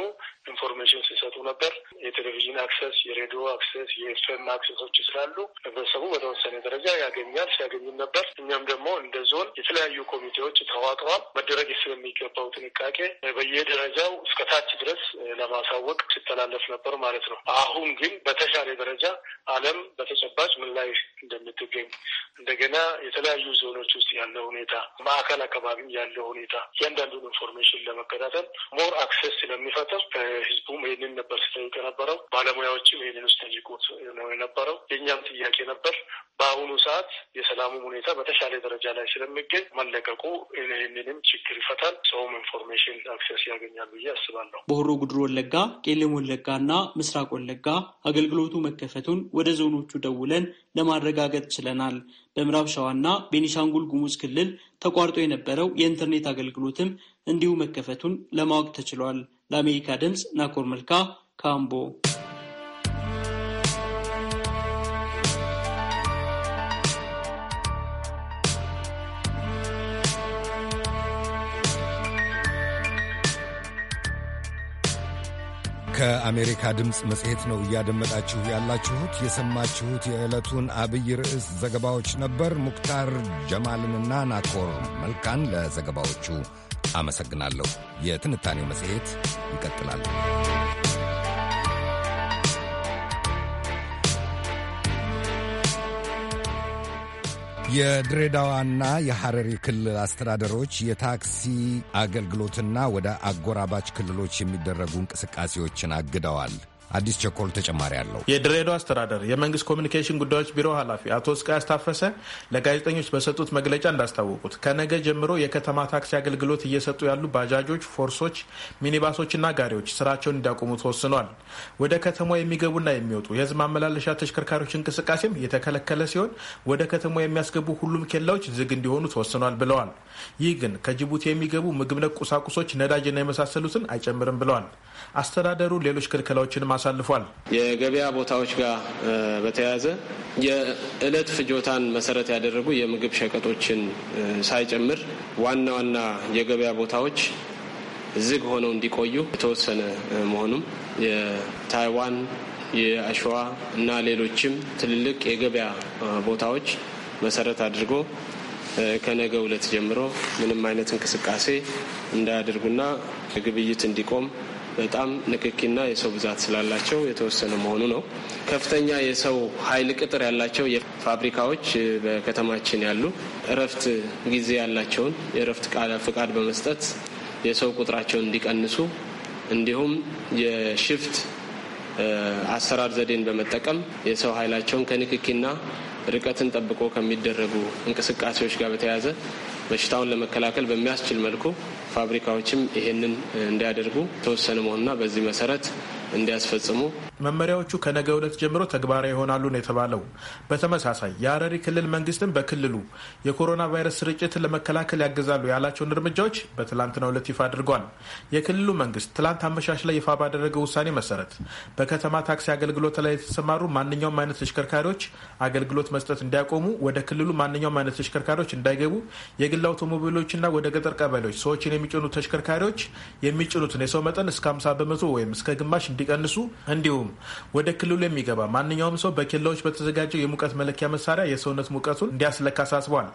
ኢንፎርሜሽን ሲሰጡ ነበር። የቴሌቪዥን አክሰስ፣ የሬዲዮ አክሰስ፣ የኤፍኤም አክሰሶች ስላሉ ህብረተሰቡ በተወሰነ ደረጃ ያገኛል ሲያገኝም ነበር። እኛም ደግሞ እንደ ዞን የተለያዩ ኮሚቴዎች ተዋቅሯል። መደረግ ስለሚገባው ጥንቃቄ በየደረጃው እስከታች ድረስ ለማሳወቅ ሲተላለፍ ነበር ማለት ነው። አሁን ግን በተሻለ ደረጃ ዓለም በተጨባጭ ምን ላይ እንደምትገኝ እንደገና የተለያዩ ዞኖች ውስጥ ያለው ሁኔታ፣ ማዕከል አካባቢ ያለው ሁኔታ እያንዳንዱን ኢንፎርሜሽን ለመከታተል ሞር አክሰስ ስለሚፈጠር ከህዝቡም ይህንን ነበር ስጠይቅ የነበረው። ባለሙያዎችም ይህንን ውስጥ ጠይቁት ነው የነበረው። የእኛም ጥያቄ ነበር። በአሁኑ ሰዓት የሰላሙም ሁኔታ በተሻለ ደረጃ ላይ ስለሚገኝ መለቀቁ ይህንንም ችግር ይፈታል፣ ሰውም ኢንፎርሜሽን አክሰስ ያገኛል ብዬ አስባለሁ። በሆሮ ጉድሮ ወለጋ፣ ቄለም ወለጋ እና ምስራቅ ምስራቅ ወለጋ አገልግሎቱ መከፈቱን ወደ ዞኖቹ ደውለን ለማረጋገጥ ችለናል። በምዕራብ ሸዋና ቤኒሻንጉል ጉሙዝ ክልል ተቋርጦ የነበረው የኢንተርኔት አገልግሎትም እንዲሁ መከፈቱን ለማወቅ ተችሏል። ለአሜሪካ ድምፅ ናኮር መልካ ካምቦ ከአሜሪካ ድምፅ መጽሔት ነው እያደመጣችሁ ያላችሁት። የሰማችሁት የዕለቱን አብይ ርዕስ ዘገባዎች ነበር። ሙክታር ጀማልንና ናኮር መልካን ለዘገባዎቹ አመሰግናለሁ። የትንታኔው መጽሔት ይቀጥላል። የድሬዳዋና የሐረሪ ክልል አስተዳደሮች የታክሲ አገልግሎትና ወደ አጎራባች ክልሎች የሚደረጉ እንቅስቃሴዎችን አግደዋል። አዲስ ቸኮል ተጨማሪ አለው። የድሬዳዋ አስተዳደር የመንግስት ኮሚኒኬሽን ጉዳዮች ቢሮ ኃላፊ አቶ እስቃያስ ታፈሰ ለጋዜጠኞች በሰጡት መግለጫ እንዳስታወቁት ከነገ ጀምሮ የከተማ ታክሲ አገልግሎት እየሰጡ ያሉ ባጃጆች፣ ፎርሶች፣ ሚኒባሶችና ጋሪዎች ስራቸውን እንዲያቆሙ ተወስኗል። ወደ ከተማ የሚገቡና የሚወጡ የህዝብ ማመላለሻ ተሽከርካሪዎች እንቅስቃሴም የተከለከለ ሲሆን ወደ ከተማ የሚያስገቡ ሁሉም ኬላዎች ዝግ እንዲሆኑ ተወስኗል ብለዋል። ይህ ግን ከጅቡቲ የሚገቡ ምግብ ነክ ቁሳቁሶች፣ ነዳጅና የመሳሰሉትን አይጨምርም ብለዋል። አስተዳደሩ ሌሎች ክልከላዎችንም አሳልፏል። የገበያ ቦታዎች ጋር በተያያዘ የእለት ፍጆታን መሰረት ያደረጉ የምግብ ሸቀጦችን ሳይጨምር ዋና ዋና የገበያ ቦታዎች ዝግ ሆነው እንዲቆዩ የተወሰነ መሆኑም የታይዋን የአሸዋ እና ሌሎችም ትልልቅ የገበያ ቦታዎች መሰረት አድርጎ ከነገ ዕለት ጀምሮ ምንም አይነት እንቅስቃሴ እንዳያደርጉና ግብይት እንዲቆም በጣም ንክኪና የሰው ብዛት ስላላቸው የተወሰነ መሆኑ ነው። ከፍተኛ የሰው ኃይል ቅጥር ያላቸው ፋብሪካዎች በከተማችን ያሉ እረፍት ጊዜ ያላቸውን የእረፍት ቃለ ፍቃድ በመስጠት የሰው ቁጥራቸውን እንዲቀንሱ እንዲሁም የሽፍት አሰራር ዘዴን በመጠቀም የሰው ኃይላቸውን ከንክኪና ርቀትን ጠብቆ ከሚደረጉ እንቅስቃሴዎች ጋር በተያያዘ በሽታውን ለመከላከል በሚያስችል መልኩ ፋብሪካዎችም ይሄንን እንዲያደርጉ ተወሰነ መሆኑና በዚህ መሰረት እንዲያስፈጽሙ መመሪያዎቹ ከነገ ዕለት ጀምሮ ተግባራዊ ይሆናሉ ነው የተባለው። በተመሳሳይ የአረሪ ክልል መንግስትም በክልሉ የኮሮና ቫይረስ ስርጭትን ለመከላከል ያግዛሉ ያላቸውን እርምጃዎች በትላንትናው ዕለት ይፋ አድርጓል። የክልሉ መንግስት ትላንት አመሻሽ ላይ ይፋ ባደረገው ውሳኔ መሰረት በከተማ ታክሲ አገልግሎት ላይ የተሰማሩ ማንኛውም አይነት ተሽከርካሪዎች አገልግሎት መስጠት እንዲያቆሙ፣ ወደ ክልሉ ማንኛውም አይነት ተሽከርካሪዎች እንዳይገቡ የግል የግል አውቶሞቢሎችና ወደ ገጠር ቀበሌዎች ሰዎችን የሚጭኑ ተሽከርካሪዎች የሚጭኑትን የሰው መጠን እስከ 50 በመቶ ወይም እስከ ግማሽ እንዲቀንሱ እንዲሁም ወደ ክልሉ የሚገባ ማንኛውም ሰው በኬላዎች በተዘጋጀው የሙቀት መለኪያ መሳሪያ የሰውነት ሙቀቱን እንዲያስለካ አሳስቧል።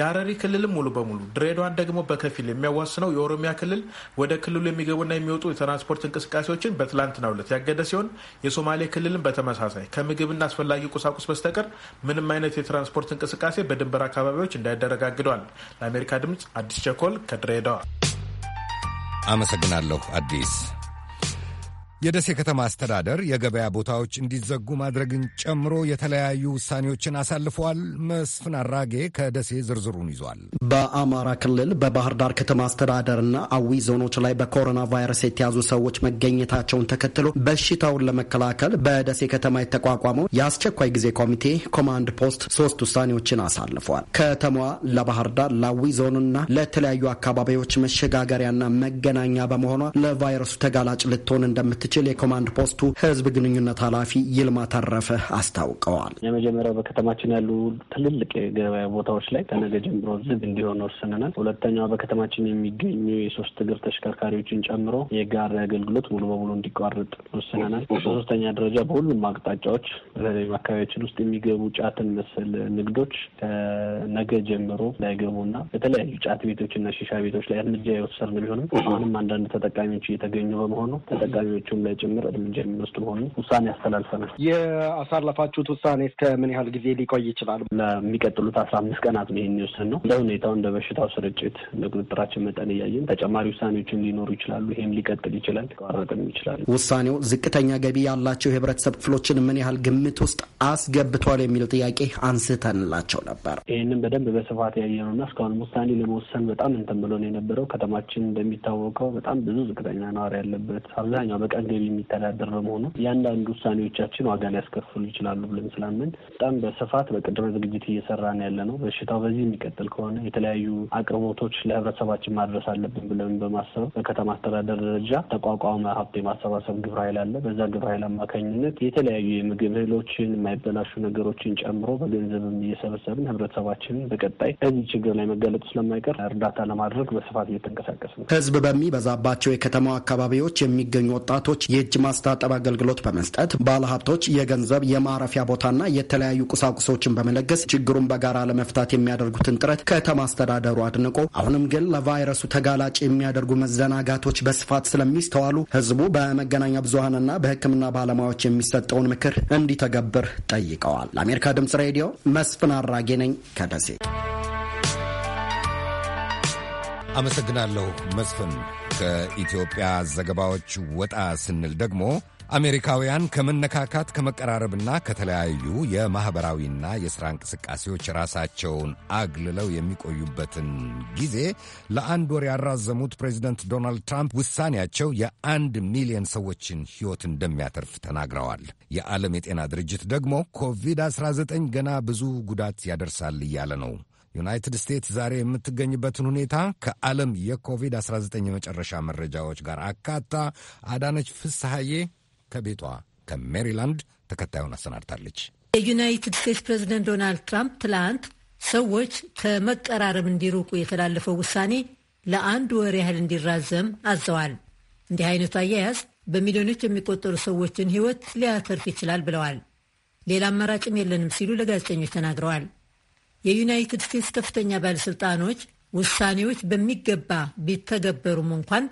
የሀረሪ ክልልም ሙሉ በሙሉ ድሬዳዋን ደግሞ በከፊል የሚያዋስነው የኦሮሚያ ክልል ወደ ክልሉ የሚገቡና የሚወጡ የትራንስፖርት እንቅስቃሴዎችን በትላንትናው ዕለት ያገደ ሲሆን የሶማሌ ክልልም በተመሳሳይ ከምግብና አስፈላጊ ቁሳቁስ በስተቀር ምንም አይነት የትራንስፖርት እንቅስቃሴ በድንበር አካባቢዎች እንዳይደረግ አግዷል። ለአሜሪካ ድምፅ አዲስ ቸኮል ከድሬዳዋ አመሰግናለሁ። አዲስ የደሴ ከተማ አስተዳደር የገበያ ቦታዎች እንዲዘጉ ማድረግን ጨምሮ የተለያዩ ውሳኔዎችን አሳልፈዋል። መስፍን አራጌ ከደሴ ዝርዝሩን ይዟል። በአማራ ክልል በባህር ዳር ከተማ አስተዳደርና አዊ ዞኖች ላይ በኮሮና ቫይረስ የተያዙ ሰዎች መገኘታቸውን ተከትሎ በሽታውን ለመከላከል በደሴ ከተማ የተቋቋመው የአስቸኳይ ጊዜ ኮሚቴ ኮማንድ ፖስት ሶስት ውሳኔዎችን አሳልፏል። ከተማዋ ለባህር ዳር ለአዊ ዞንና ለተለያዩ አካባቢዎች መሸጋገሪያና መገናኛ በመሆኗ ለቫይረሱ ተጋላጭ ልትሆን እንደምት እንደምትችል የኮማንድ ፖስቱ ህዝብ ግንኙነት ኃላፊ ይልማ ተረፈ አስታውቀዋል። የመጀመሪያው በከተማችን ያሉ ትልልቅ የገበያ ቦታዎች ላይ ከነገ ጀምሮ ዝግ እንዲሆን ወስነናል። ሁለተኛው በከተማችን የሚገኙ የሶስት እግር ተሽከርካሪዎችን ጨምሮ የጋሪ አገልግሎት ሙሉ በሙሉ እንዲቋረጥ ወስነናል። በሶስተኛ ደረጃ በሁሉም አቅጣጫዎች በተለይም አካባቢያችን ውስጥ የሚገቡ ጫትን መሰል ንግዶች ከነገ ጀምሮ እንዳይገቡና በተለያዩ ጫት ቤቶችና ሺሻ ቤቶች ላይ እርምጃ የወሰድን ቢሆንም አሁንም አንዳንድ ተጠቃሚዎች እየተገኙ በመሆኑ ተጠቃሚዎቹ ሀገራችን ላይ ጭምር እርምጃ የሚወስዱ ሆኑ ውሳኔ ያስተላልፈናል። የአሳለፋችሁት ውሳኔ እስከ ምን ያህል ጊዜ ሊቆይ ይችላል? ለሚቀጥሉት አስራ አምስት ቀናት ነው ይህን ይወስድ ነው። እንደ ሁኔታው እንደ በሽታው ስርጭት እንደ ቁጥጥራችን መጠን እያየን ተጨማሪ ውሳኔዎችን ሊኖሩ ይችላሉ። ይህም ሊቀጥል ይችላል፣ ሊቋረጥም ይችላል። ውሳኔው ዝቅተኛ ገቢ ያላቸው የህብረተሰብ ክፍሎችን ምን ያህል ግምት ውስጥ አስገብቷል የሚለው ጥያቄ አንስተንላቸው ነበር። ይህንም በደንብ በስፋት ያየ ነው እና እስካሁንም ውሳኔ ለመወሰን በጣም እንትን ብሎ ነው የነበረው። ከተማችን እንደሚታወቀው በጣም ብዙ ዝቅተኛ ነዋሪ ያለበት አብዛኛው በቀን ገቢ የሚተዳደር በመሆኑ እያንዳንዱ ውሳኔዎቻችን ዋጋ ሊያስከፍሉ ይችላሉ ብለን ስላምን በጣም በስፋት በቅድመ ዝግጅት እየሰራን ያለ ነው። በሽታው በዚህ የሚቀጥል ከሆነ የተለያዩ አቅርቦቶች ለህብረተሰባችን ማድረስ አለብን ብለን በማሰብ በከተማ አስተዳደር ደረጃ ተቋቋመ ሀብት የማሰባሰብ ግብረ ኃይል አለ። በዛ ግብረ ኃይል አማካኝነት የተለያዩ የምግብ እህሎችን፣ የማይበላሹ ነገሮችን ጨምሮ በገንዘብም እየሰበሰብን ህብረተሰባችንን በቀጣይ ከዚህ ችግር ላይ መገለጡ ስለማይቀር እርዳታ ለማድረግ በስፋት እየተንቀሳቀስ ነው። ህዝብ በሚበዛባቸው የከተማው አካባቢዎች የሚገኙ ወጣቶች ለዜጎች የእጅ ማስታጠብ አገልግሎት በመስጠት ባለሀብቶች የገንዘብ የማረፊያ ቦታና የተለያዩ ቁሳቁሶችን በመለገስ ችግሩን በጋራ ለመፍታት የሚያደርጉትን ጥረት ከተማ አስተዳደሩ አድንቆ አሁንም ግን ለቫይረሱ ተጋላጭ የሚያደርጉ መዘናጋቶች በስፋት ስለሚስተዋሉ ህዝቡ በመገናኛ ብዙሀንና በሕክምና ባለሙያዎች የሚሰጠውን ምክር እንዲተገብር ጠይቀዋል። ለአሜሪካ ድምጽ ሬዲዮ መስፍን አራጌ ነኝ ከደሴ አመሰግናለሁ መስፍን። ከኢትዮጵያ ዘገባዎች ወጣ ስንል ደግሞ አሜሪካውያን ከመነካካት ከመቀራረብና ከተለያዩ የማኅበራዊና የሥራ እንቅስቃሴዎች ራሳቸውን አግልለው የሚቆዩበትን ጊዜ ለአንድ ወር ያራዘሙት ፕሬዚደንት ዶናልድ ትራምፕ ውሳኔያቸው የአንድ ሚሊዮን ሰዎችን ሕይወት እንደሚያተርፍ ተናግረዋል። የዓለም የጤና ድርጅት ደግሞ ኮቪድ-19 ገና ብዙ ጉዳት ያደርሳል እያለ ነው። ዩናይትድ ስቴትስ ዛሬ የምትገኝበትን ሁኔታ ከዓለም የኮቪድ-19 የመጨረሻ መረጃዎች ጋር አካታ አዳነች ፍስሐዬ ከቤቷ ከሜሪላንድ ተከታዩን አሰናድታለች። የዩናይትድ ስቴትስ ፕሬዚደንት ዶናልድ ትራምፕ ትላንት ሰዎች ከመቀራረብ እንዲሩቁ የተላለፈው ውሳኔ ለአንድ ወር ያህል እንዲራዘም አዘዋል። እንዲህ አይነቱ አያያዝ በሚሊዮኖች የሚቆጠሩ ሰዎችን ሕይወት ሊያተርፍ ይችላል ብለዋል። ሌላ አማራጭም የለንም ሲሉ ለጋዜጠኞች ተናግረዋል። የዩናይትድ ስቴትስ ከፍተኛ ባለሥልጣኖች ውሳኔዎች በሚገባ ቢተገበሩም እንኳን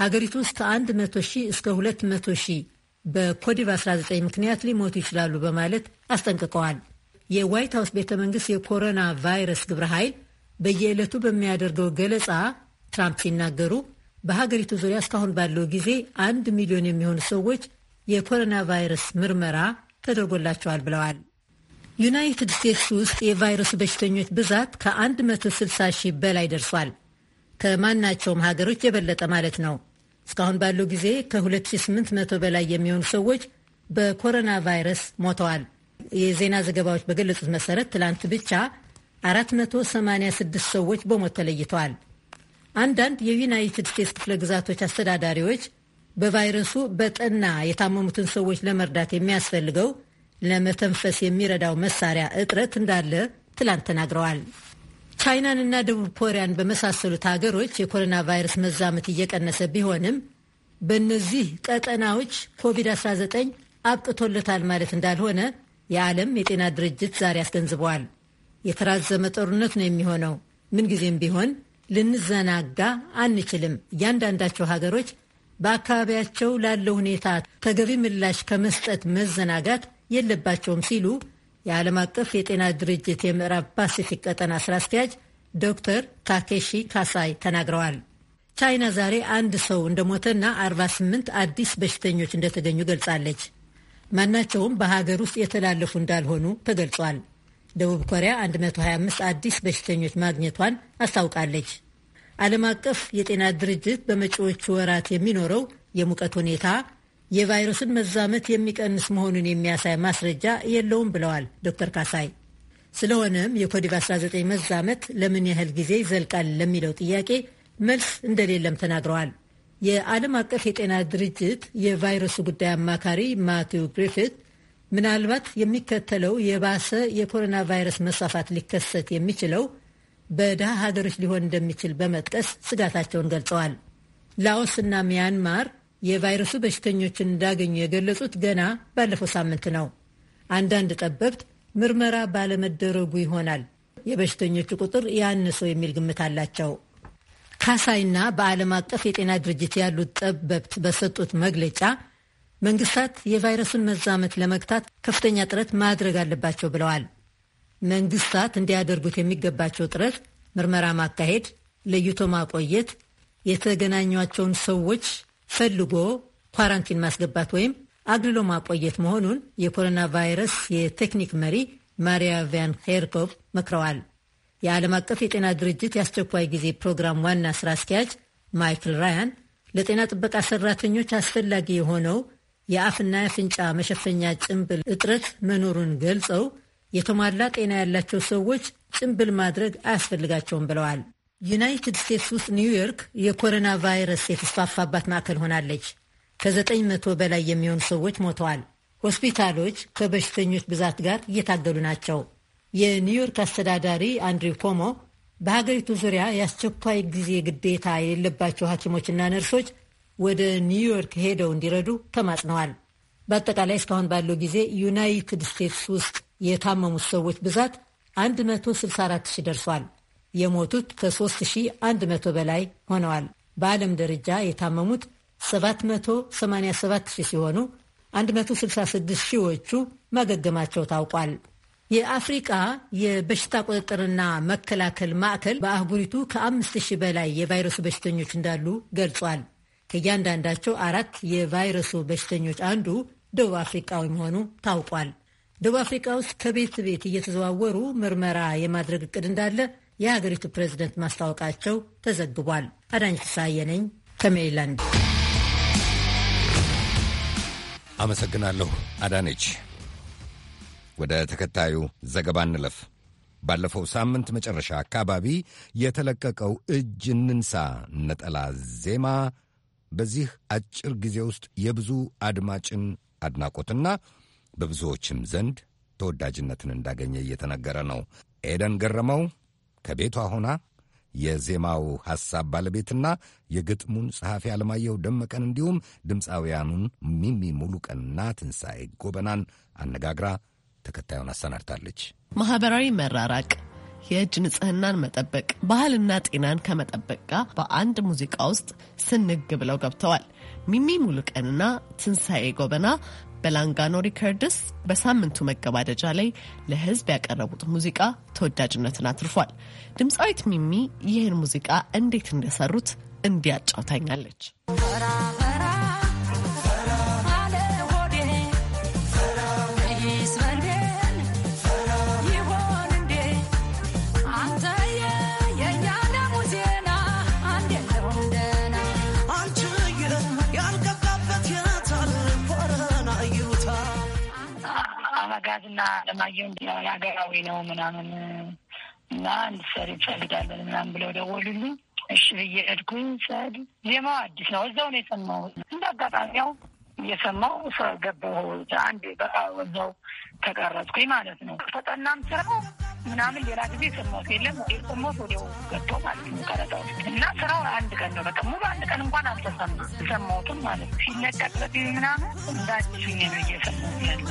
ሀገሪቱ ውስጥ ከአንድ መቶ ሺህ እስከ ሁለት መቶ ሺህ በኮዲቭ 19 ምክንያት ሊሞቱ ይችላሉ በማለት አስጠንቅቀዋል። የዋይት ሀውስ ቤተ መንግሥት የኮሮና ቫይረስ ግብረ ኃይል በየዕለቱ በሚያደርገው ገለጻ ትራምፕ ሲናገሩ በሀገሪቱ ዙሪያ እስካሁን ባለው ጊዜ አንድ ሚሊዮን የሚሆኑ ሰዎች የኮሮና ቫይረስ ምርመራ ተደርጎላቸዋል ብለዋል። ዩናይትድ ስቴትስ ውስጥ የቫይረሱ በሽተኞች ብዛት ከ160 ሺህ በላይ ደርሷል። ከማናቸውም ሀገሮች የበለጠ ማለት ነው። እስካሁን ባለው ጊዜ ከ2800 በላይ የሚሆኑ ሰዎች በኮሮና ቫይረስ ሞተዋል። የዜና ዘገባዎች በገለጹት መሰረት ትላንት ብቻ 486 ሰዎች በሞት ተለይተዋል። አንዳንድ የዩናይትድ ስቴትስ ክፍለ ግዛቶች አስተዳዳሪዎች በቫይረሱ በጠና የታመሙትን ሰዎች ለመርዳት የሚያስፈልገው ለመተንፈስ የሚረዳው መሳሪያ እጥረት እንዳለ ትላንት ተናግረዋል። ቻይናንና ደቡብ ኮሪያን በመሳሰሉት ሀገሮች የኮሮና ቫይረስ መዛመት እየቀነሰ ቢሆንም በእነዚህ ቀጠናዎች ኮቪድ-19 አብቅቶለታል ማለት እንዳልሆነ የዓለም የጤና ድርጅት ዛሬ አስገንዝበዋል። የተራዘመ ጦርነት ነው የሚሆነው። ምንጊዜም ቢሆን ልንዘናጋ አንችልም። እያንዳንዳቸው ሀገሮች በአካባቢያቸው ላለው ሁኔታ ተገቢ ምላሽ ከመስጠት መዘናጋት የለባቸውም ሲሉ የዓለም አቀፍ የጤና ድርጅት የምዕራብ ፓሲፊክ ቀጠና ስራ አስኪያጅ ዶክተር ታኬሺ ካሳይ ተናግረዋል። ቻይና ዛሬ አንድ ሰው እንደሞተና 48 አዲስ በሽተኞች እንደተገኙ ገልጻለች። ማናቸውም በሀገር ውስጥ የተላለፉ እንዳልሆኑ ተገልጿል። ደቡብ ኮሪያ 125 አዲስ በሽተኞች ማግኘቷን አስታውቃለች። ዓለም አቀፍ የጤና ድርጅት በመጪዎቹ ወራት የሚኖረው የሙቀት ሁኔታ የቫይረሱን መዛመት የሚቀንስ መሆኑን የሚያሳይ ማስረጃ የለውም ብለዋል ዶክተር ካሳይ። ስለሆነም የኮቪድ-19 መዛመት ለምን ያህል ጊዜ ይዘልቃል ለሚለው ጥያቄ መልስ እንደሌለም ተናግረዋል። የዓለም አቀፍ የጤና ድርጅት የቫይረሱ ጉዳይ አማካሪ ማቲው ግሪፊት ምናልባት የሚከተለው የባሰ የኮሮና ቫይረስ መስፋፋት ሊከሰት የሚችለው በድሃ ሀገሮች ሊሆን እንደሚችል በመጥቀስ ስጋታቸውን ገልጸዋል። ላኦስ እና ሚያንማር የቫይረሱ በሽተኞችን እንዳገኙ የገለጹት ገና ባለፈው ሳምንት ነው። አንዳንድ ጠበብት ምርመራ ባለመደረጉ ይሆናል የበሽተኞቹ ቁጥር ያነሰው የሚል ግምት አላቸው። ካሳይና በዓለም አቀፍ የጤና ድርጅት ያሉት ጠበብት በሰጡት መግለጫ መንግስታት የቫይረሱን መዛመት ለመግታት ከፍተኛ ጥረት ማድረግ አለባቸው ብለዋል። መንግስታት እንዲያደርጉት የሚገባቸው ጥረት ምርመራ ማካሄድ፣ ለይቶ ማቆየት፣ የተገናኟቸውን ሰዎች ፈልጎ ኳራንቲን ማስገባት ወይም አግልሎ ማቆየት መሆኑን የኮሮና ቫይረስ የቴክኒክ መሪ ማሪያ ቪያን ሄርኮቭ መክረዋል። የዓለም አቀፍ የጤና ድርጅት የአስቸኳይ ጊዜ ፕሮግራም ዋና ስራ አስኪያጅ ማይክል ራያን ለጤና ጥበቃ ሰራተኞች አስፈላጊ የሆነው የአፍና የአፍንጫ መሸፈኛ ጭንብል እጥረት መኖሩን ገልጸው የተሟላ ጤና ያላቸው ሰዎች ጭንብል ማድረግ አያስፈልጋቸውም ብለዋል። ዩናይትድ ስቴትስ ውስጥ ኒውዮርክ የኮሮና ቫይረስ የተስፋፋባት ማዕከል ሆናለች። ከዘጠኝ መቶ በላይ የሚሆኑ ሰዎች ሞተዋል። ሆስፒታሎች ከበሽተኞች ብዛት ጋር እየታገሉ ናቸው። የኒውዮርክ አስተዳዳሪ አንድሪው ኮሞ በሀገሪቱ ዙሪያ የአስቸኳይ ጊዜ ግዴታ የሌለባቸው ሐኪሞችና ነርሶች ወደ ኒውዮርክ ሄደው እንዲረዱ ተማጽነዋል። በአጠቃላይ እስካሁን ባለው ጊዜ ዩናይትድ ስቴትስ ውስጥ የታመሙት ሰዎች ብዛት 164 ሺህ ደርሷል። የሞቱት ከ3100 በላይ ሆነዋል። በዓለም ደረጃ የታመሙት 787 ሺህ ሲሆኑ 166 ሺዎቹ ማገገማቸው ታውቋል። የአፍሪቃ የበሽታ ቁጥጥርና መከላከል ማዕከል በአህጉሪቱ ከአምስት ሺህ በላይ የቫይረሱ በሽተኞች እንዳሉ ገልጿል። ከእያንዳንዳቸው አራት የቫይረሱ በሽተኞች አንዱ ደቡብ አፍሪቃዊ መሆኑ ታውቋል። ደቡብ አፍሪቃ ውስጥ ከቤት ቤት እየተዘዋወሩ ምርመራ የማድረግ እቅድ እንዳለ የሀገሪቱ ፕሬዝደንት ማስታወቃቸው ተዘግቧል። አዳኝ ተሳየ ነኝ ከሜሪላንድ አመሰግናለሁ አዳነች። ወደ ተከታዩ ዘገባ እንለፍ። ባለፈው ሳምንት መጨረሻ አካባቢ የተለቀቀው እጅ እንንሳ ነጠላ ዜማ በዚህ አጭር ጊዜ ውስጥ የብዙ አድማጭን አድናቆትና በብዙዎችም ዘንድ ተወዳጅነትን እንዳገኘ እየተነገረ ነው። ኤደን ገረመው ከቤቷ ሆና የዜማው ሐሳብ ባለቤትና የግጥሙን ጸሐፊ አለማየሁ ደመቀን እንዲሁም ድምፃውያኑን ሚሚ ሙሉቀንና ትንሣኤ ጎበናን አነጋግራ ተከታዩን አሰናድታለች። ማኅበራዊ መራራቅ፣ የእጅ ንጽህናን መጠበቅ፣ ባህልና ጤናን ከመጠበቅ ጋር በአንድ ሙዚቃ ውስጥ ስንግ ብለው ገብተዋል። ሚሚ ሙሉቀንና ትንሣኤ ጎበና በላንጋኖ ሪከርድስ በሳምንቱ መገባደጃ ላይ ለሕዝብ ያቀረቡት ሙዚቃ ተወዳጅነትን አትርፏል። ድምፃዊት ሚሚ ይህን ሙዚቃ እንዴት እንደሰሩት እንዲያጫውታኛለች። አበጋዝ እና ለማየሁ የሀገራዊ ነው ምናምን እና እንድትሰሪ እንፈልጋለን ምናምን ብለው ደወሉልኝ። እሺ ብዬ ሄድኩኝ። ሰድ ዜማው አዲስ ነው፣ እዛው ነው የሰማሁት። እንደ አጋጣሚ ያው እየሰማሁ ገባሁ። አንድ በቃ እዛው ተቀረጽኩኝ ማለት ነው። ፈጠናም ስራ ምናምን ሌላ ጊዜ ስሞት የለም ወደ ስሞት ወዲያው ገቶ ማለት ነው ቀረጣ እና ስራው አንድ ቀን ነው በቃ ሙሉ አንድ ቀን እንኳን አልተሰማ ሰማሁትም ማለት ነው ሲለቀቅ ምናምን እንዳችኝ ነው እየሰማሁት ያለ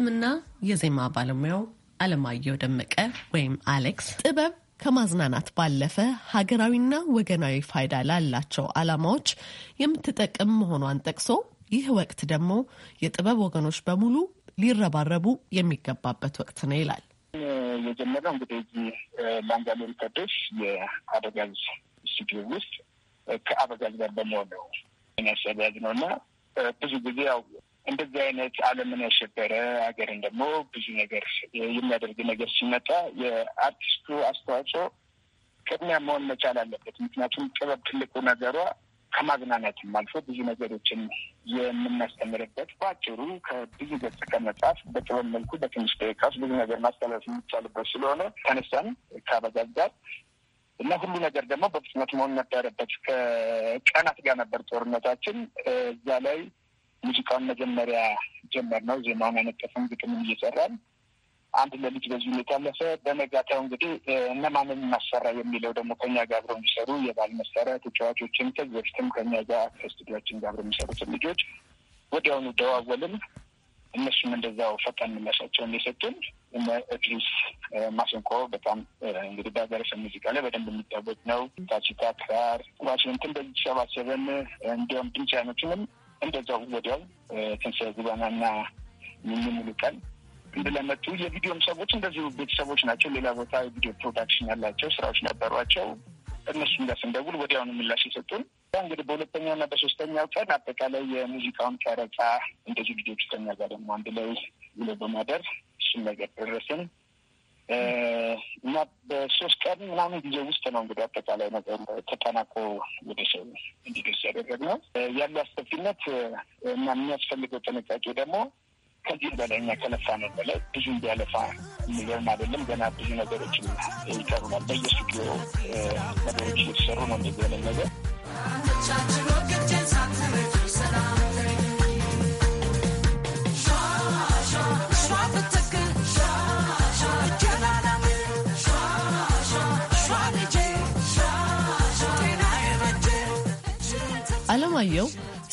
ግጥምና የዜማ ባለሙያው አለማየሁ ደመቀ ወይም አሌክስ ጥበብ ከማዝናናት ባለፈ ሀገራዊና ወገናዊ ፋይዳ ላላቸው ዓላማዎች የምትጠቅም መሆኗን ጠቅሶ ይህ ወቅት ደግሞ የጥበብ ወገኖች በሙሉ ሊረባረቡ የሚገባበት ወቅት ነው ይላል። የጀመረው እንግዲህ እዚህ ላንጋኖ ሪከርዶች የአበጋዝ ስቱዲዮ ውስጥ ከአበጋዝ ጋር በመሆን ነው ነው እና ብዙ ጊዜ ያው እንደዚህ አይነት ዓለምን ያሸበረ ሀገርን ደግሞ ብዙ ነገር የሚያደርግ ነገር ሲመጣ የአርቲስቱ አስተዋጽኦ ቅድሚያ መሆን መቻል አለበት። ምክንያቱም ጥበብ ትልቁ ነገሯ ከማዝናናትም አልፎ ብዙ ነገሮችን የምናስተምርበት በአጭሩ ከብዙ ገጽ ከመጽሐፍ በጥበብ መልኩ በትንሽ ደቂቃ ውስጥ ብዙ ነገር ማስተላለፍ የሚቻልበት ስለሆነ ተነሳን ከአበጋዝ ጋር እና ሁሉ ነገር ደግሞ በፍጥነት መሆን ነበረበት። ከቀናት ጋር ነበር ጦርነታችን እዛ ላይ ሙዚቃውን መጀመሪያ ጀመር ነው። ዜማውን አነጠፍን፣ ግጥምን እየሰራን አንድ ለልጅ በዚህ ሁኔታ ያለፈ። በነጋታው እንግዲህ እነማንን እናሰራ የሚለው ደግሞ ከኛ ጋር አብረው የሚሰሩ የባል መሳሪያ ተጫዋቾችን ከዚህ በፊትም ከኛ ጋር ከስቱዲዮችን ጋር አብረው የሚሰሩትን ልጆች ወዲያውኑ ደዋወልን። እነሱም እንደዛው ፈጣን ምላሻቸውን የሰጡን እነ እድሪስ ማሰንቆ በጣም እንግዲህ በሀገረሰብ ሙዚቃ ላይ በደንብ የሚታወቅ ነው። ታችታ ክራር፣ ዋሽንትን በዚህ ሰባሰበን ተሰባሰበን ድምፅ ድምፃውያኖችንም እንደዛው ወዲያው ትንሣኤ ጉባኤና የሚሙሉ ቀን እንደለመጡ የቪዲዮም ሰዎች እንደዚሁ ቤተሰቦች ናቸው። ሌላ ቦታ የቪዲዮ ፕሮዳክሽን ያላቸው ስራዎች ነበሯቸው። እነሱ ጋር ስንደውል ወዲያውኑ ምላሽ የሰጡን እንግዲህ በሁለተኛው እና በሶስተኛው ቀን አጠቃላይ የሙዚቃውን ቀረጻ እንደዚህ ልጆቹ ከኛ ጋር ደግሞ አንድ ላይ ውሎ በማደር እሱን ነገር ደረስን። እና በሶስት ቀን ምናምን ጊዜ ውስጥ ነው እንግዲህ አጠቃላይ ነገር ተጠናቆ ወደ ሰው እንዲደርስ ያደረግነው። ያለ አስከፊነት እና የሚያስፈልገው ጥንቃቄ ደግሞ ከዚህ በላይ እኛ ነው በላይ ብዙ እንዲያለፋ የሚገርም አይደለም። ገና ብዙ ነገሮች ይቀሩናል። በየስቱዲዮ ነገሮች እየተሰሩ ነው እንደዚህ ነገር አለማየሁ